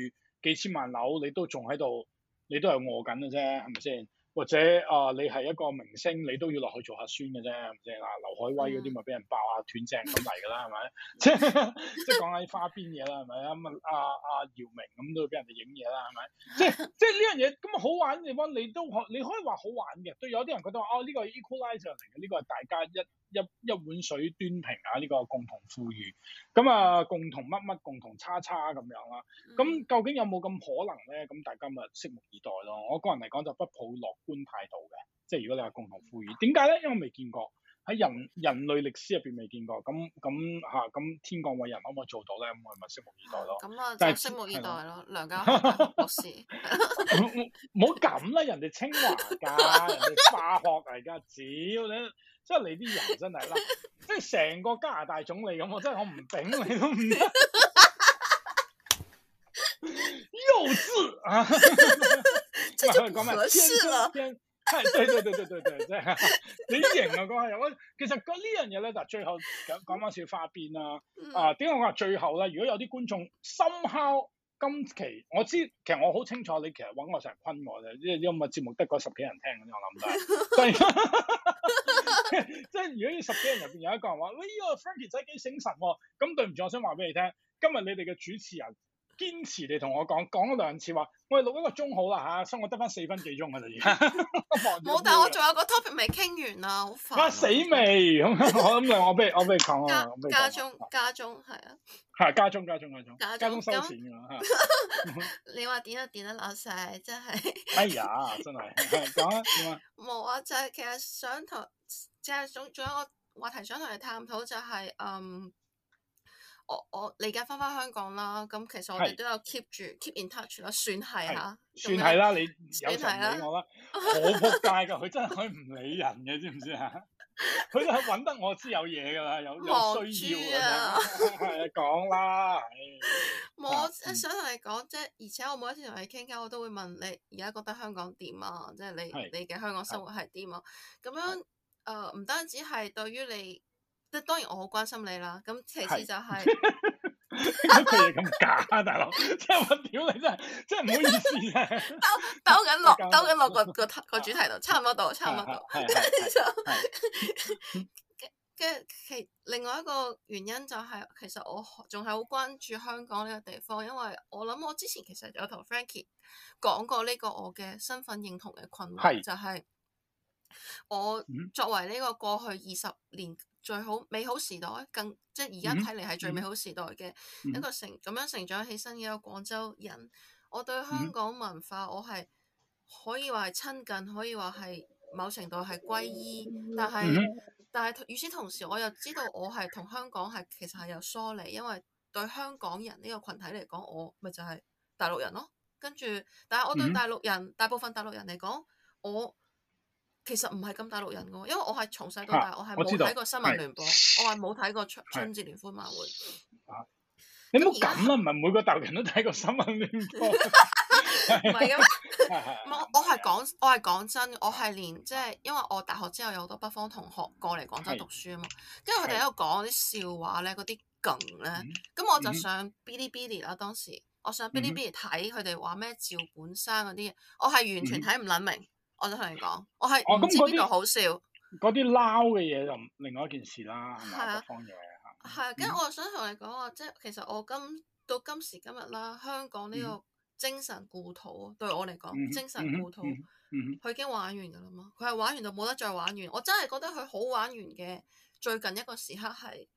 幾千萬樓，你都仲喺度，你都係餓緊嘅啫，係咪先？或者啊、呃，你係一個明星，你都要落去做核酸嘅啫，係咪先？嗱，劉愷威嗰啲咪俾人爆下、嗯、斷正咁嚟噶啦，係咪？即即講喺花邊嘢啦，係咪啊？咁啊啊姚明咁都要俾人哋影嘢啦，係咪？即即呢樣嘢咁好玩嘅地方，你都可你可以話好玩嘅，對有啲人覺得哦呢、呢個 Equalizer 嚟嘅，呢、呢個係大家一。一一碗水端平啊！呢、呢個共同富裕咁啊，嗯、共同乜乜，共同叉叉咁樣啦。咁、嗯、究竟有冇咁可能咧？咁大家咪拭目以待咯。我個人嚟講就不抱樂觀態度嘅，即係如果你係共同富裕，點解咧？因為未見過，喺人人類歷史入邊未見過。咁咁嚇咁天降偉人可唔可以做到咧？咁我咪拭目以待咯。咁、就係、啊，就係拭目以待咯。梁家博士，唔好咁、 啊、啦， 啦人哋清華㗎，人哋、 啊、化學嚟、啊、㗎，只要你！即係你啲人真係啦，即係成個加拿大總理咁，我真係我唔頂你都唔得 幼稚啊！這就 不合適了。太對對對對對對對，頂、嗯、啊！光海，我其實嗰呢樣嘢咧，就最後講講翻少花邊啦。啊，點解我話最後咧，如果有啲觀眾深敲今期，我知其實我好清楚你，其實揾我成日昆我啫，因為因為節目得嗰十幾人聽，我諗得。 即係如果呢十幾人入邊有一個人話，喂，呢個 Frankie 仔幾醒神，咁對唔住，我想話俾你聽，今日你哋嘅主持人堅持你同我講講咗兩次話，我哋錄一個鐘好啦吓，所以我得翻四分幾鐘啊，就已經。冇，但我仲有個 topic 未傾完啊，好快。死未？我諗我我俾你我俾你講啊，加鐘加鐘，係啊，係加鐘加鐘加鐘加鐘收錢嘅啦。你話點啊點啊老細，真係。哎呀，真係講啊點啊。冇啊，就係其實想同。即係想，仲有一個話題想同你探討，就是，就係嗯，我我理解翻翻香港啦。咁其實我哋都有 keep 住 keep in touch 啦，算係吓。算係啦，你有群俾我啦。我好仆街噶，佢真係可以唔理人嘅， 知唔知啊？佢都係揾得我知有嘢噶啦，有有需要啊。係啊， 講、哎、啦。我想同你講啫，而且我每一次同你傾偈，我都會問你，而家覺得香港點啊？即、就、係、是、你是你嘅香港生活係點啊？咁是樣。誒，唔單止係對於你，即係當然我好關心你啦。咁其次就係，點解佢哋咁假，大佬，真係屌你真係，真係唔好意思啊！兜兜緊落，兜緊落個個個主題度，差唔多，差唔多。跟跟其另外一個原因就係，其實我仲係好關注香港呢個地方，因為我諗我之前其實有同 Frankie 講過呢個我嘅身份認同嘅困惑，就係。我作為呢個過去二十年最好美好時代，更即係而家睇嚟係最美好時代嘅一個成咁樣成長起身嘅一個廣州人，我對香港文化我係可以話係親近，可以話係某程度係皈依，但係但係與此同時，我又知道我係同香港係其實係有疏離，因為對香港人呢個群體嚟講，我咪就係大陸人咯，跟住但係我對大陸人大部分大陸人嚟講，我。其實唔係咁大陸人噶喎，因為我係從細到大，我係冇睇過新聞聯播，我係冇睇過春春節聯歡晚會。啊、你冇咁啦，唔係在每個大陸人都睇過新聞聯播，唔係嘅咩？我我係講我係講真，我係連即係、就是，因為我大學之後有好多北方同學過嚟廣州讀書啊嘛，跟住佢哋喺度講啲笑話咧，嗰啲梗咧，咁是我就上 Bilibili 啦。當時我上 Bilibili 睇佢哋話咩趙本山嗰啲，我係完全睇唔撚明。是 我想同你講，我係唔知邊度好笑。嗰啲撈嘅嘢就另外一件事啦，係咪啊？方嘢跟住我又想同你講啊，即係、嗯、其實我今到今時今日啦，香港呢個精神故土、嗯、對我嚟講，嗯、精神故土，佢、嗯嗯嗯、已經玩完噶啦嘛，佢係玩完就冇得再玩完。我真係覺得佢好玩完嘅最近一個時刻係，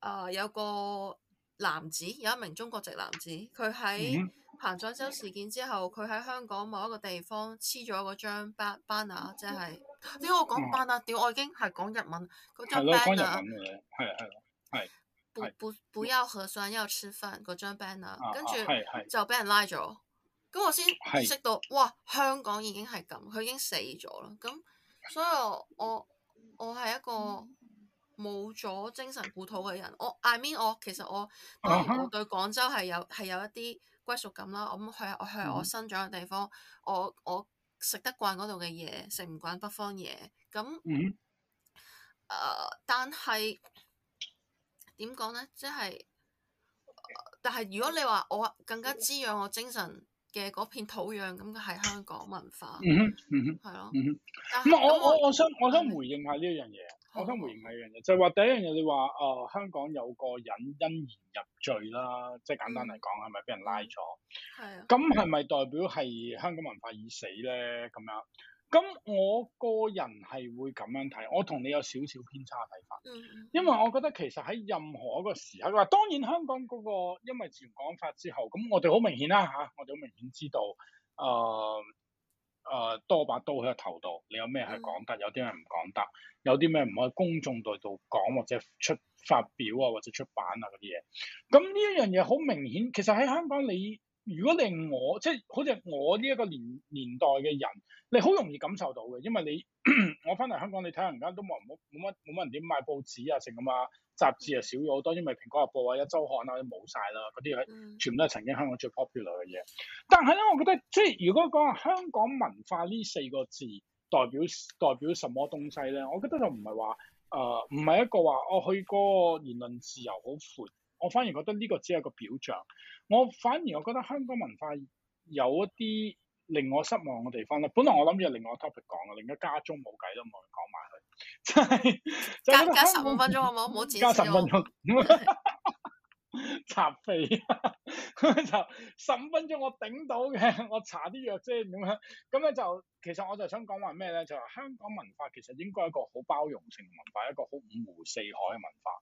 啊、呃、有個男子，有一名中國籍男子，佢喺、嗯。彭佐洲事件之後，佢喺香港某一個地方黐咗嗰張 banner 即係點解我講 banner，屌我已經係講日文嗰張 banner，係係係不不不要核酸要吃飯嗰張 banner，啊、跟住就俾人拉咗，咁、啊、我先意識到哇，香港已經係咁，佢已經死咗啦。咁所以我我我係一個冇咗精神故土嘅人，我 I mean 我其實我當然對廣州係有係有一啲。啊哼歸屬感啦，我咁去去我生長嘅地方，嗯、我我食得慣度嘅嘢，食唔慣北方嘢，咁，誒、嗯呃，但係點講咧？即係、就是，但係如果你話我更加滋養我精神嘅片土壤，咁係香港文化，嗯哼，嗯哼，係咯了、嗯，嗯哼，咁是、嗯、我我我想我想回應下呢一樣嘢。我想回應下一樣嘢，就係、是、話第一樣嘢，你話啊、呃、香港有個人因言入罪啦，即係簡單嚟講，係咪俾人拉咗？係咁係咪代表係香港文化已死咧？咁樣？咁我個人係會咁樣睇，我同你有少少偏差睇法。嗯。因為我覺得其實喺任何一個時刻，話當然香港嗰、那個因為《國安法》之後，咁我哋好明顯啦嚇、啊，我哋好明顯知道，誒、呃。誒，uh, 多把刀喺個頭度，你有咩係講得？有啲咩唔講得？有啲咩唔可以公眾度度講或者出發表啊，或者出版啊嗰啲嘢？咁呢一樣嘢好明顯，其實喺香港你。如果令我即係好似我呢一個年年代嘅人，你好容易感受到嘅，因為你 我翻嚟香港，你睇下人家都冇冇冇乜冇乜人點賣報紙啊，成咁啊雜誌啊少咗好多，因為《蘋果日報》啊、《壹週刊》啊都冇晒啦，嗰啲嘢全部都係曾經香港最 popular 嘅嘢。嗯、但係咧，我覺得即係如果講香港文化呢四個字代表代表什麼東西咧，我覺得就唔係話誒唔係一個話我去過言論自由好闊。我反而覺得呢個只係一個表象，我反而我覺得香港文化有一啲令我失望嘅地方咧。本來我諗住另外個 topic 講嘅，另外家中冇計都冇講埋佢，真係加 加十五分鐘好唔好？唔好加十分鐘。 插肺咁 就十五分鐘我頂到嘅，我搽啲藥啫，咁樣咁咧就其實我就想講話咩咧，就係香港文化其實應該係一個好包容性嘅文化，一個好五湖四海嘅文化。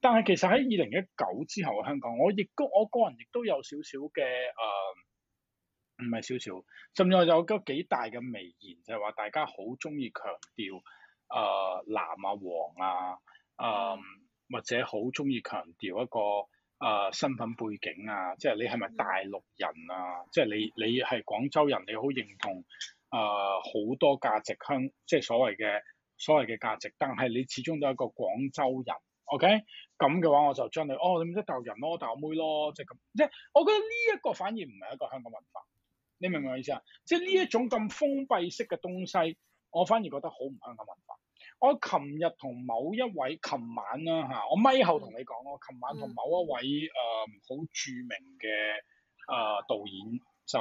但係其實喺二零一九之後嘅香港，我亦都我個人亦都有少少嘅誒，唔係少少，甚至有個幾大嘅微言，就係、是、話大家好中意強調誒、呃、藍啊、黃、呃、啊，誒或者好中意強調一個。啊、呃，身份背景啊，即係你係咪大陸人啊？嗯、即係你你係廣州人，你好認同啊好、呃、多價值香，即係所謂嘅所謂嘅價值，但係你始終都係一個廣州人，OK？咁嘅話我就將你，哦，你唔即大陸人咯，大陸妹咯，就是，即係咁，即係我覺得呢一個反而唔係一個香港文化，你明唔明我意思啊？即係呢一種咁封閉式嘅東西，我反而覺得好唔香港文化。我琴日同某一位，琴晚啦吓，我咪後同你講咯，琴晚同某一位誒好、呃、著名嘅誒、呃、導演就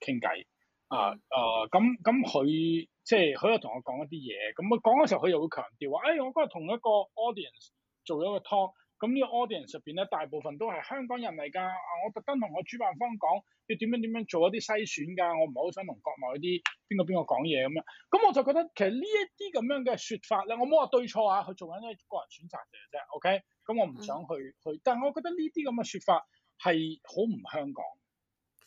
傾偈，啊啊咁咁佢即係佢有同我講一啲嘢，咁佢講嘅時候佢又會強調話，誒、哎、我嗰日同一個 audience 做咗個 talk。咁呢個 Audience 入邊咧，大部分都係香港人嚟㗎。啊，我特登同我主辦方講要點樣點樣做一啲篩選㗎，我唔係好想同國內啲邊個邊個講嘢咁樣。咁我就覺得其實這這呢一啲咁樣嘅説法咧，我冇話對錯啊，佢做緊咧個人選擇嚟啫，OK？咁我唔想去、嗯、去，但係我覺得呢啲咁嘅説法係好唔香港。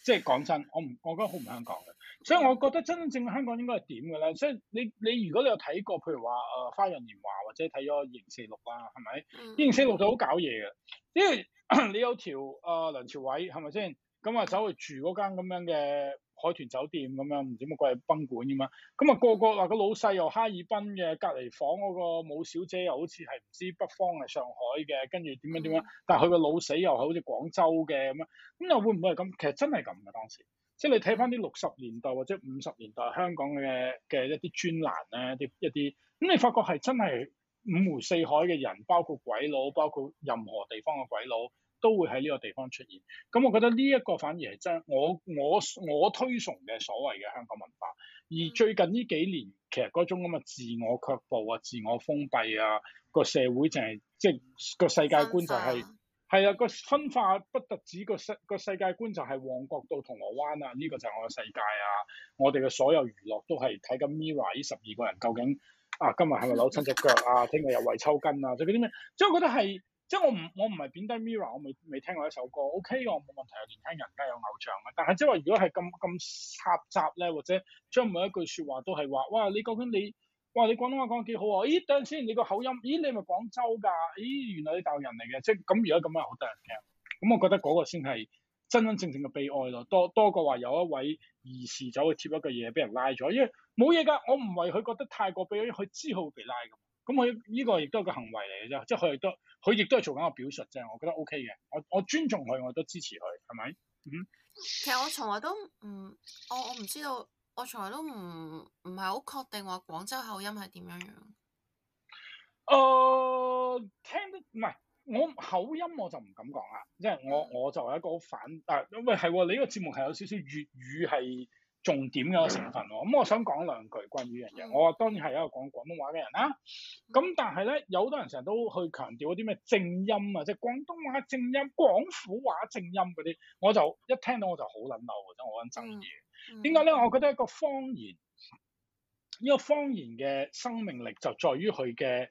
即係講真，我唔，我覺得好唔香港嘅，所以我覺得真正香港應該係點嘅咧？即係你你如果你有睇過，譬如話誒、呃《花樣年華》或者睇咗《刑四六》啊，係咪？嗯，《刑四六》就好搞嘢嘅，因為 你有條阿、呃、梁朝偉係咪先？咁啊走去住嗰間咁樣嘅。海豚酒店咁樣，唔知乜鬼賓館咁啊！咁啊個個話個老細又哈爾濱嘅，隔離房嗰個舞小姐又好似係唔知北方定上海嘅，跟住點樣點樣？嗯、但係佢個老死又係好似廣州嘅咁啊！咁又會唔會係咁？其實真係咁啊！當時即係你睇翻啲六十年代或者五十年代香港嘅嘅一啲專欄咧，一啲一啲，咁你發覺係真係五湖四海嘅人，包括鬼佬，包括任何地方嘅鬼佬。都會喺呢個地方出現。咁、嗯、我覺得呢一個反而係真我，我我我推崇嘅所謂嘅香港文化。而最近呢幾年，其實嗰種咁嘅自我卻步啊、自我封閉啊，個社會淨係即係個世界觀就係、是、係是啊個、啊、分化不，不特止個世個世界觀就係旺角到銅鑼灣啊，呢、這個就係我嘅世界啊。我哋嘅所有娛樂都係睇緊 Mirror 呢十二個人究竟啊，今日係咪扭親隻腳啊？聽日又為抽筋啊？最緊要咩？所我覺得係。即係我唔，我唔係貶低 Mirror 我未未聽過一首歌，OK 我冇問題。年輕人梗係有偶像嘅，但係即係話如果係咁咁雜雜咧，或者將每一句説話都係話，哇！你究竟你，哇！你廣東話講得幾好啊？咦，等陣先，你個口音，咦，你係咪廣州㗎？咦，原來你大陸人嚟嘅，即係咁如果咁樣，好得人驚。咁我覺得嗰個先係真真正正嘅悲哀咯，多多過話有一位移時走去貼一個嘢，俾人拉咗，因為冇嘢㗎。我唔係佢覺得太過悲哀，佢知好會被拉嘅。咁佢呢個亦都係個行為嚟嘅啫，即係佢亦都佢亦都係做緊個表述，即係，我覺得 OK 嘅，我我尊重佢，我都支持佢，係咪？嗯。其實我從來都唔、嗯，我我唔知道，我從來都唔唔係好確定話廣州口音係點樣樣。誒、呃，聽得唔係我口音我就唔敢講啦，即係我、嗯、我就係一個好反誒、啊，喂係喎、哦，你呢個節目係有少少粵語係，重點嘅成分，咁我想講兩句關於呢樣嘢。我啊，當然係一個講廣東話嘅人啦、啊，咁、嗯、但係咧，有好多人成日都去強調嗰啲咩正音啊，即係廣東話正音、廣府話正音嗰啲，我就一聽到我就好撚嬲嘅，我講真嘢。點解咧？我覺得一個方言，一個方言嘅生命力就在於佢嘅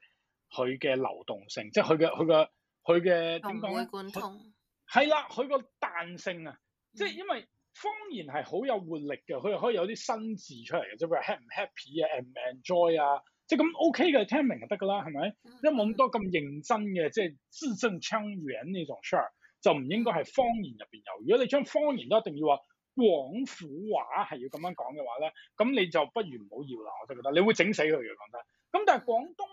佢嘅流動性，即係佢嘅佢嘅佢嘅點講？貫通。係啦，佢個彈性啊，即係因為。嗯方言係好有活力嘅，佢又可以有啲新字出嚟嘅啫，譬如 happy 啊，enjoy 啊，y, 即係咁 OK 嘅，聽明就得噶啦，係咪？嗯、因為冇咁多咁認真嘅，即係字正腔圓呢種 share，就唔應該係方言入邊有。如果你將方言都一定要話廣府話係要咁樣講嘅話咧，咁你就不如唔好要啦，我覺得。你會整死佢嘅，講得咁，但係廣東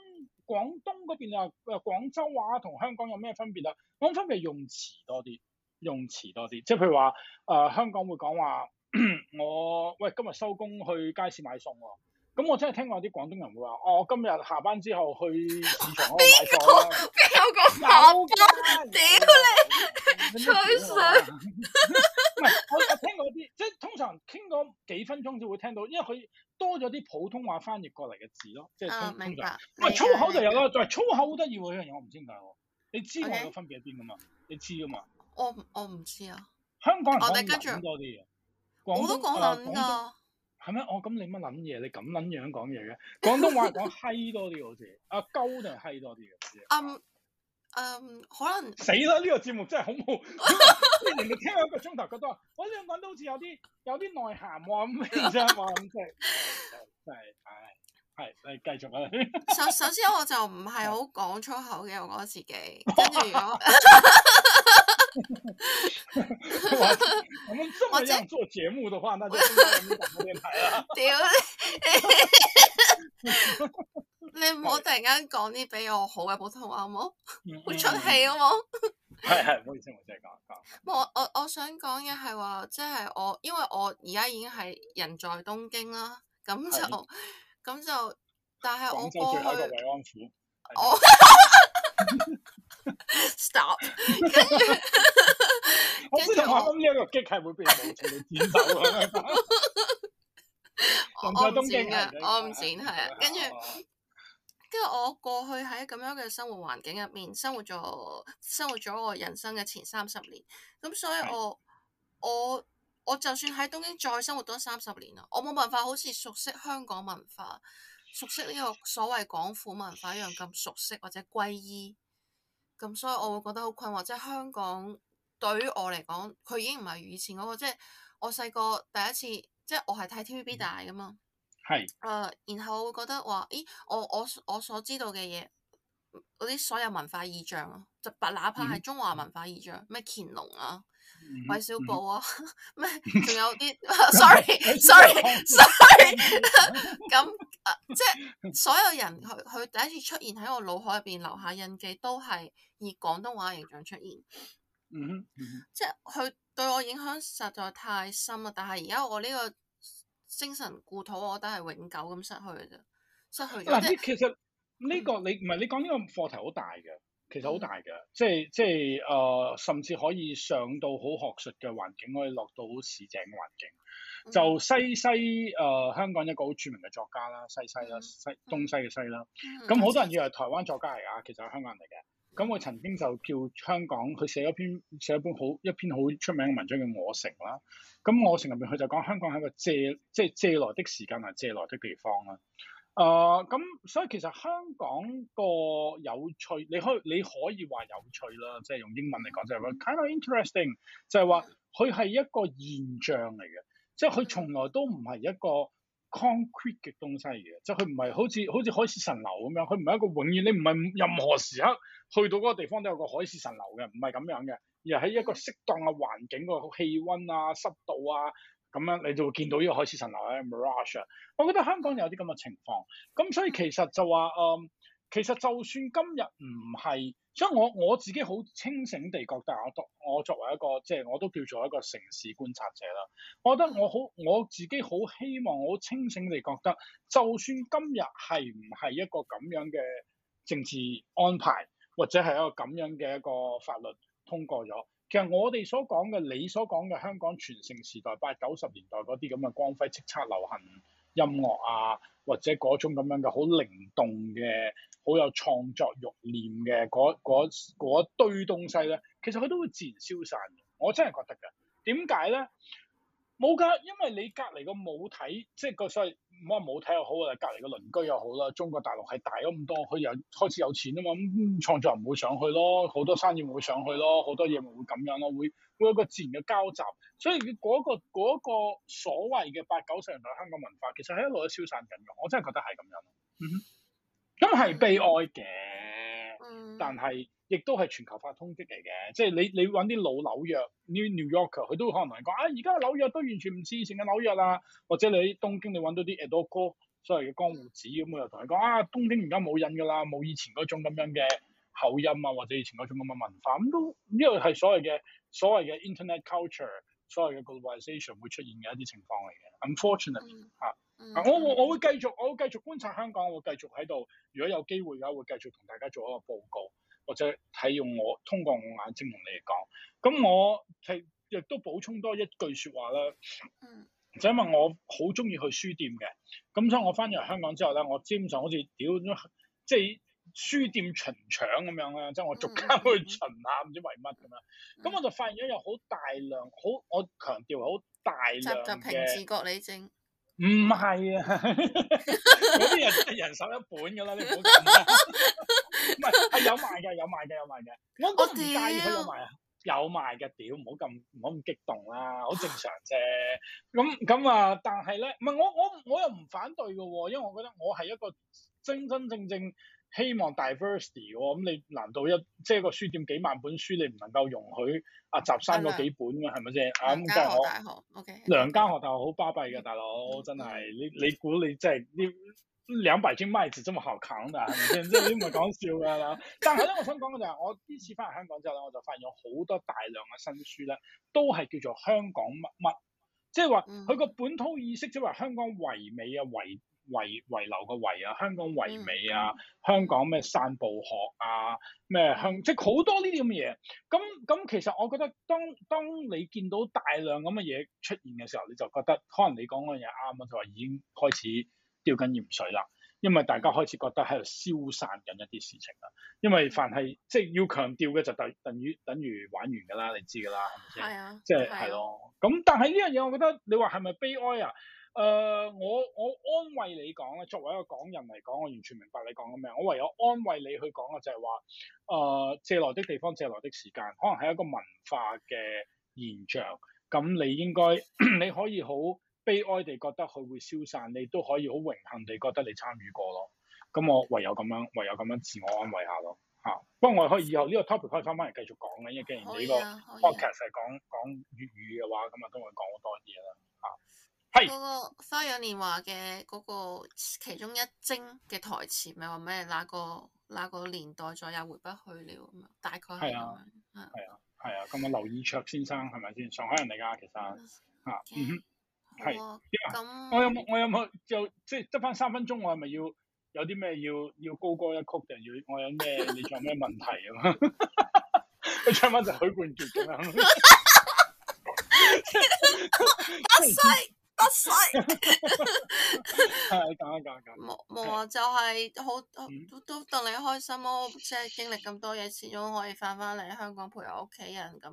廣東嗰邊啊，誒廣州話同香港有咩分別啊？廣州嘅用詞多啲。用詞多啲，即係譬如話，誒、呃、香港會講話我，喂今日收工去街市買餸喎、哦，咁我真係聽過啲廣東人會話，我、哦、今日下班之後去市場買餸。邊個邊個講屌你吹水！唔係，我我聽過啲，即係通常傾嗰幾分鐘先會聽到，因為佢多咗啲普通話翻譯過嚟嘅字咯，即係通、哦、通常。喂白，粗口就有啦，就係白粗口好得意喎！呢樣嘢白我唔清楚，知 Okay. 你知我嘅分別喺邊噶嘛？你知噶嘛？我我唔知啊，香港人我哋講捻多啲嘢、啊，我都講捻㗎，係咩？我咁你乜捻嘢？你咁捻樣講嘢嘅？廣東話講閪多啲好似，阿鳩定係閪多啲啊？嗯嗯，um, um, 可能死啦！呢、呢個節目真係恐怖， 你明明聽一個鐘頭覺得，我呢兩講都好似有啲有啲內涵喎咁，真係喎咁，真係真係，唉，係、哎、繼續啊。首 首先我就唔係好講粗口嘅，我覺得自己跟住如果。 我我們做節目嘅話，那就變成廣播電台啦。屌，你唔好突然間講啲比我好嘅普通話，好冇？好出戲，好冇？係係，唔好意思，我真係假假。我我我想講嘅係話，即係我因為我而家已經係人在東京啦，咁就我咁就，但係我我。我 stop。我之前話咁樣個住你我唔剪噶，我唔剪係啊。跟住，跟住我過去喺咁樣嘅生活環境入面生活咗，生活咗我人生嘅前三十年。咁所以我，的我我我就算喺東京再生活多三十年啦，我冇辦法好似熟悉香港文化，熟悉呢個所謂廣府文化一樣咁熟悉或者皈依。咁所以我會覺得好困惑，即係香港對於我嚟講，佢已經唔係以前嗰、嗰個，即係我細個第一次，即係我係睇 TVB 大噶嘛。係。誒，然後我會覺得話，咦、哎，我我我所知道嘅嘢，嗰啲所有文化意象啊，就白，哪怕係中華文化意象，咩、mm. 乾隆啊、韋小寶啊，咩仲、啊、 有啲，sorry，sorry，sorry，咁。 即係所有人佢佢第一次出現喺我腦海入邊留下印記，都係以廣東話形象出現。嗯哼，嗯哼即係佢對我影響實在太深啦。但係而家我呢個精神故土，我覺得係永久咁失去嘅啫，失去嘅、這個嗯。其實呢個你唔係你講呢個課題好大嘅，其實好大嘅，即係即係誒，甚至可以上到好學術嘅環境，可以落到好市井嘅環境。就西西誒、呃、香港一個好著名嘅作家啦，西西啦西，西東西嘅西啦，咁好、嗯嗯、多人以為台灣作家嚟啊，其實係香港人嚟嘅。咁佢、嗯、曾經就叫香港，佢寫咗篇寫咗本好一篇好出名嘅文章叫《我城》啦。咁《我城》入邊佢就講香港係一個借即係、就是、借來的時間同借來的地方啦。誒、呃、咁，所以其實香港個有趣，你可以你可以話有趣啦，即、就、係、是、用英文嚟講就係、是、話 kind of interesting，就係話佢係一個現象嚟嘅。即係佢從來都唔係一個 concrete 嘅東西嘅，即係佢唔係好似好似海市蜃樓咁樣。佢唔係一個永遠，你唔係任何時刻去到嗰個地方都有個海市蜃樓嘅，唔係咁樣嘅，而係喺一個適當嘅環境，嗰個氣溫啊、濕度啊咁樣，你就會見到呢個海市蜃樓喺 mirage。我覺得香港有啲咁嘅情況，咁所以其實就話誒。嗯其實就算今日唔係，所以我我自己好清醒地覺得，我作我作為一個即係、就是、我都叫做一個城市觀察者啦。我覺得我好我自己好希望，好清醒地覺得，就算今日係唔係一個咁樣嘅政治安排，或者係一個咁樣嘅一個法律通過咗，其實我哋所講嘅，你所講嘅香港全盛時代，八九十年代嗰啲咁嘅光輝叱咤流行。音樂啊，或者嗰種咁樣嘅好靈動嘅、好有創作慾念嘅嗰一堆東西咧，其實佢都會自然消散嘅。我真係覺得㗎，點解咧？冇㗎，因為你隔離個舞體，即係、那個所謂唔好話舞體又好啊，隔離個鄰居又好啦。中國大陸係大咗咁多，佢又開始有錢啊嘛，咁、嗯、創作唔會上去咯，好多生意唔會上去咯，好多嘢唔會咁樣咯，會。會有一個自然嘅交集，所以佢嗰個嗰個所謂嘅八九十年代香港文化，其實係一路都消散緊㗎。我真係覺得係咁樣。嗯哼，咁係悲哀嘅，但係亦都係全球化通緝嚟嘅。即係你你揾啲老紐約 （New New Yorker），佢都可能同你講：啊，而家紐約都完全唔似以前嘅紐約啊！或者你喺東京你揾到啲 Edoko 所謂嘅江湖子咁，我又同你講：啊，東京而家冇人㗎啦，冇以前嗰種咁樣嘅口音啊，或者以前嗰種咁嘅文化咁，都呢個係所謂嘅。所謂嘅 internet culture，所謂嘅 globalization 會出現嘅一啲情況嚟嘅，unfortunately 嚇、mm。Hmm. Mm hmm. 我我會繼續，我會繼續觀察香港，我會繼續喺度。如果有機會嘅話，我會繼續同大家做一個報告，或者睇用我通過我眼睛同你哋講。咁我係亦都補充多一句説話啦。就是、因為我好中意去書店嘅，咁所以我翻入嚟香港之後咧，我基本上好似屌即係。就是書店巡搶咁樣咧，即係我逐間去巡下，唔知為乜咁樣。咁我就發現咗有好大量，好我強調好大量嘅。習習平治國理政唔係是啊，嗰 啲 人係人手一本噶啦，你唔好咁唔係，係 有賣嘅，有賣嘅，有賣嘅。我我唔介意佢有賣啊。有賣嘅，屌唔好咁唔好咁激動啦、啊，好正常啫。咁 咁、嗯、啊，但係咧，唔係我我我，我，我又唔反對嘅喎，因為我覺得我係一個真真正正。希望 diversity 喎，咁你難道一即係個書店幾萬本書，你唔能夠容許阿閘生嗰幾本㗎？係咪先？啊咁，間學兩間學校好巴閉嘅大佬，真係你你估你真係你兩百斤麥子咁樣好啃㗎？係咪先？即係 你唔係講笑㗎啦。 但係咧，我想講嘅就係我呢次翻嚟香港之後咧，我就發現有好多大量嘅新書咧，都係叫做香港乜乜，即係話佢個本土意識即係話香港唯美啊，唯。遺遺留個遺啊，香港遺美啊，嗯、香港咩散步學啊，咩香即係好多呢啲咁嘅嘢。咁咁其實我覺得當，當當你見到大量咁嘅嘢出現嘅時候，你就覺得可能你講嘅嘢啱，就話已經開始吊緊鹽水啦，因為大家開始覺得喺度消散緊一啲事情啦。因為凡係即係要強調嘅，就等等於等於玩完㗎啦，你知㗎啦，係咪先？係啊。即係係咯。咁但係呢樣嘢，我覺得你話係咪悲哀啊？誒、呃，我我安慰你講咧，作為一個港人嚟講，我完全明白你講緊咩。我唯有安慰你去講嘅就係話，誒、呃、借來的地方，借來的時間，可能係一個文化嘅現象。咁你應該 你可以好悲哀地覺得佢會消散，你都可以好榮幸地覺得你參與過咯。咁我唯有咁樣，唯有咁樣自我安慰下咯。嚇、啊！不過我哋可以以後呢個 topic 可以翻返嚟繼續講咧，因為既然你呢個 focus 係、啊啊、講講粵語嘅話，咁啊都會講好多嘢啦。嗰個《花樣年華》嘅嗰個其中一幀嘅台詞，咪話咩？那個那個年代再也回不去了，大概係啊，係啊，係啊。咁啊，劉以鬯先生係咪先？上海人嚟噶，其實吓，係 Okay,、嗯 gusta。咁我，我有冇我 history，有冇 就即係得翻三分鐘？我係咪要有啲咩要要高歌一曲定要我有咩你仲有咩問題啊？佢唱翻就許冠傑噶啦，阿細。唔係講一講，冇冇話就係好都都逗你開心咯，哦，即係經歷咁多嘢，始終可以返返嚟香港陪我屋企人，咁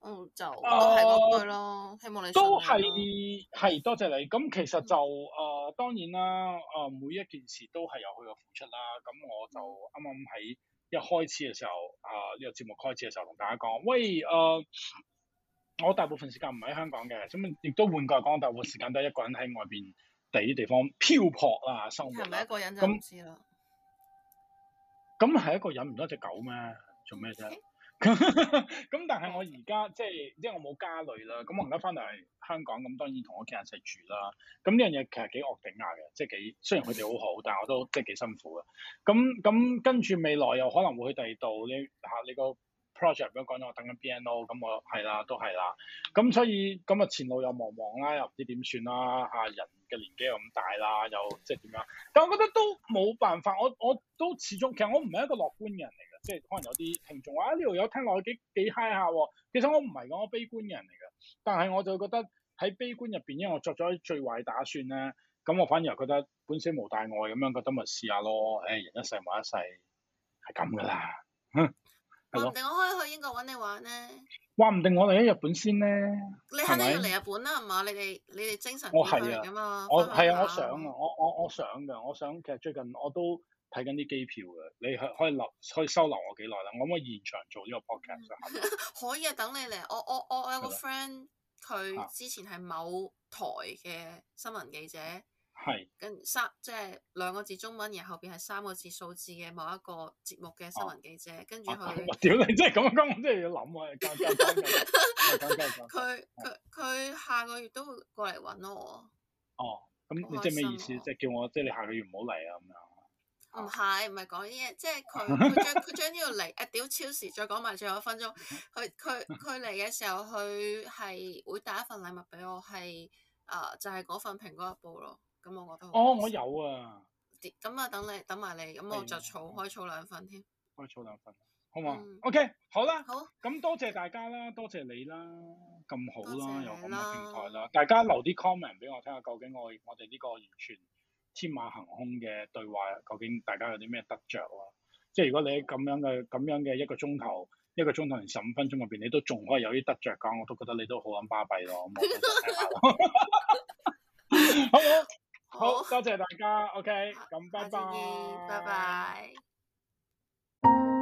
嗯，就都係嗰句咯，希望你，呃、都係係多謝你，咁、嗯、其實就誒、呃、當然啦，誒每一件事都係有佢嘅付出啦，咁我就啱啱喺一開始嘅時候啊呢、呃這個節目開始嘅時候同大家講，喂誒。呃我大部分時間唔喺香港嘅，咁亦都換句話講，大部分時間都係一個人喺外邊地地方漂泊啊，生活。係咪一個人就唔那知啦？咁係一個人唔到隻狗咩？做咩啫？咁 但係我而家即係，因為我冇家裏啦，咁我而家翻嚟香港，咁當然同我屋企人一齊住啦。咁呢樣嘢其實幾惡頂牙嘅，即係幾雖然佢哋好好，但係我都即係幾辛苦嘅。咁咁跟住未來又可能會去第二度，你嚇你個。project 如果講到我等緊 BNO 咁我係啦都係啦，咁所以咁啊前路又茫茫啦，又唔知點算啦，嚇人嘅年紀又咁大啦，又即係點樣？但我覺得都冇辦法，我我都始終其實我唔係一個樂觀嘅人嚟嘅，即係可能有啲聽眾話呢條友聽落去幾幾 high 下喎，其實我唔係講，我悲觀嘅人嚟嘅，但係我就覺得喺悲觀入邊，因為我作咗最壞打算咧，咁我反而覺得本小無大礙咁樣，覺得咪試下咯，誒、哎、人一世物一世係咁㗎啦，哼～、嗯話唔定我可以去英國搵你玩咧，話唔定我嚟日本先咧，你肯定要嚟日本啦，係吧嘛？你哋你哋精神我係啊，我係啊，我想啊，我我我想噶，我想，我想其實最近我都睇緊啲機票嘅，你可可以留可以收留我幾耐啦？我可唔可以現場做呢個 podcast？、嗯、嗎 可以啊，等你嚟，我我我，我有個 friend，佢、啊、之前係某台嘅新聞記者。係跟是三即係、就是、兩個字中文，然後後邊係三個字數字嘅某一個節目嘅新聞記者，跟住佢。屌你真係咁咁，真係要諗啊！佢佢佢下個月都會過嚟搵我。哦、啊，咁、嗯啊、你即係咩意思？即、就、係、是、叫我即係、就是、你下個月唔好嚟啊？咁樣唔係唔係講呢嘢，即係佢佢將佢將呢度嚟誒屌超時，再講埋最後一分鐘。佢佢佢嚟嘅時候，佢係會帶一份禮物俾我，係誒、呃、就係、是、嗰份蘋果日報咯。咁我覺得哦，我有啊。咁啊，等你等埋你，咁的我就儲好開儲兩份添。開儲兩份，好嘛？O K，好啦，好。咁多謝大家啦，多謝你啦，咁好啦，有咁嘅平台啦。大家留啲 comment 俾我聽下，究竟我我哋呢個完全天馬行空嘅對話，究竟大家有啲咩得着啊？即係如果你喺咁樣嘅咁樣嘅一個鐘頭，一個鐘頭定十五分鐘入邊，你都仲可以有啲得着㗎，我都覺得你都 好撚巴閉咯，好唔好？好多謝大家，OK，咁、啊、拜拜，拜拜。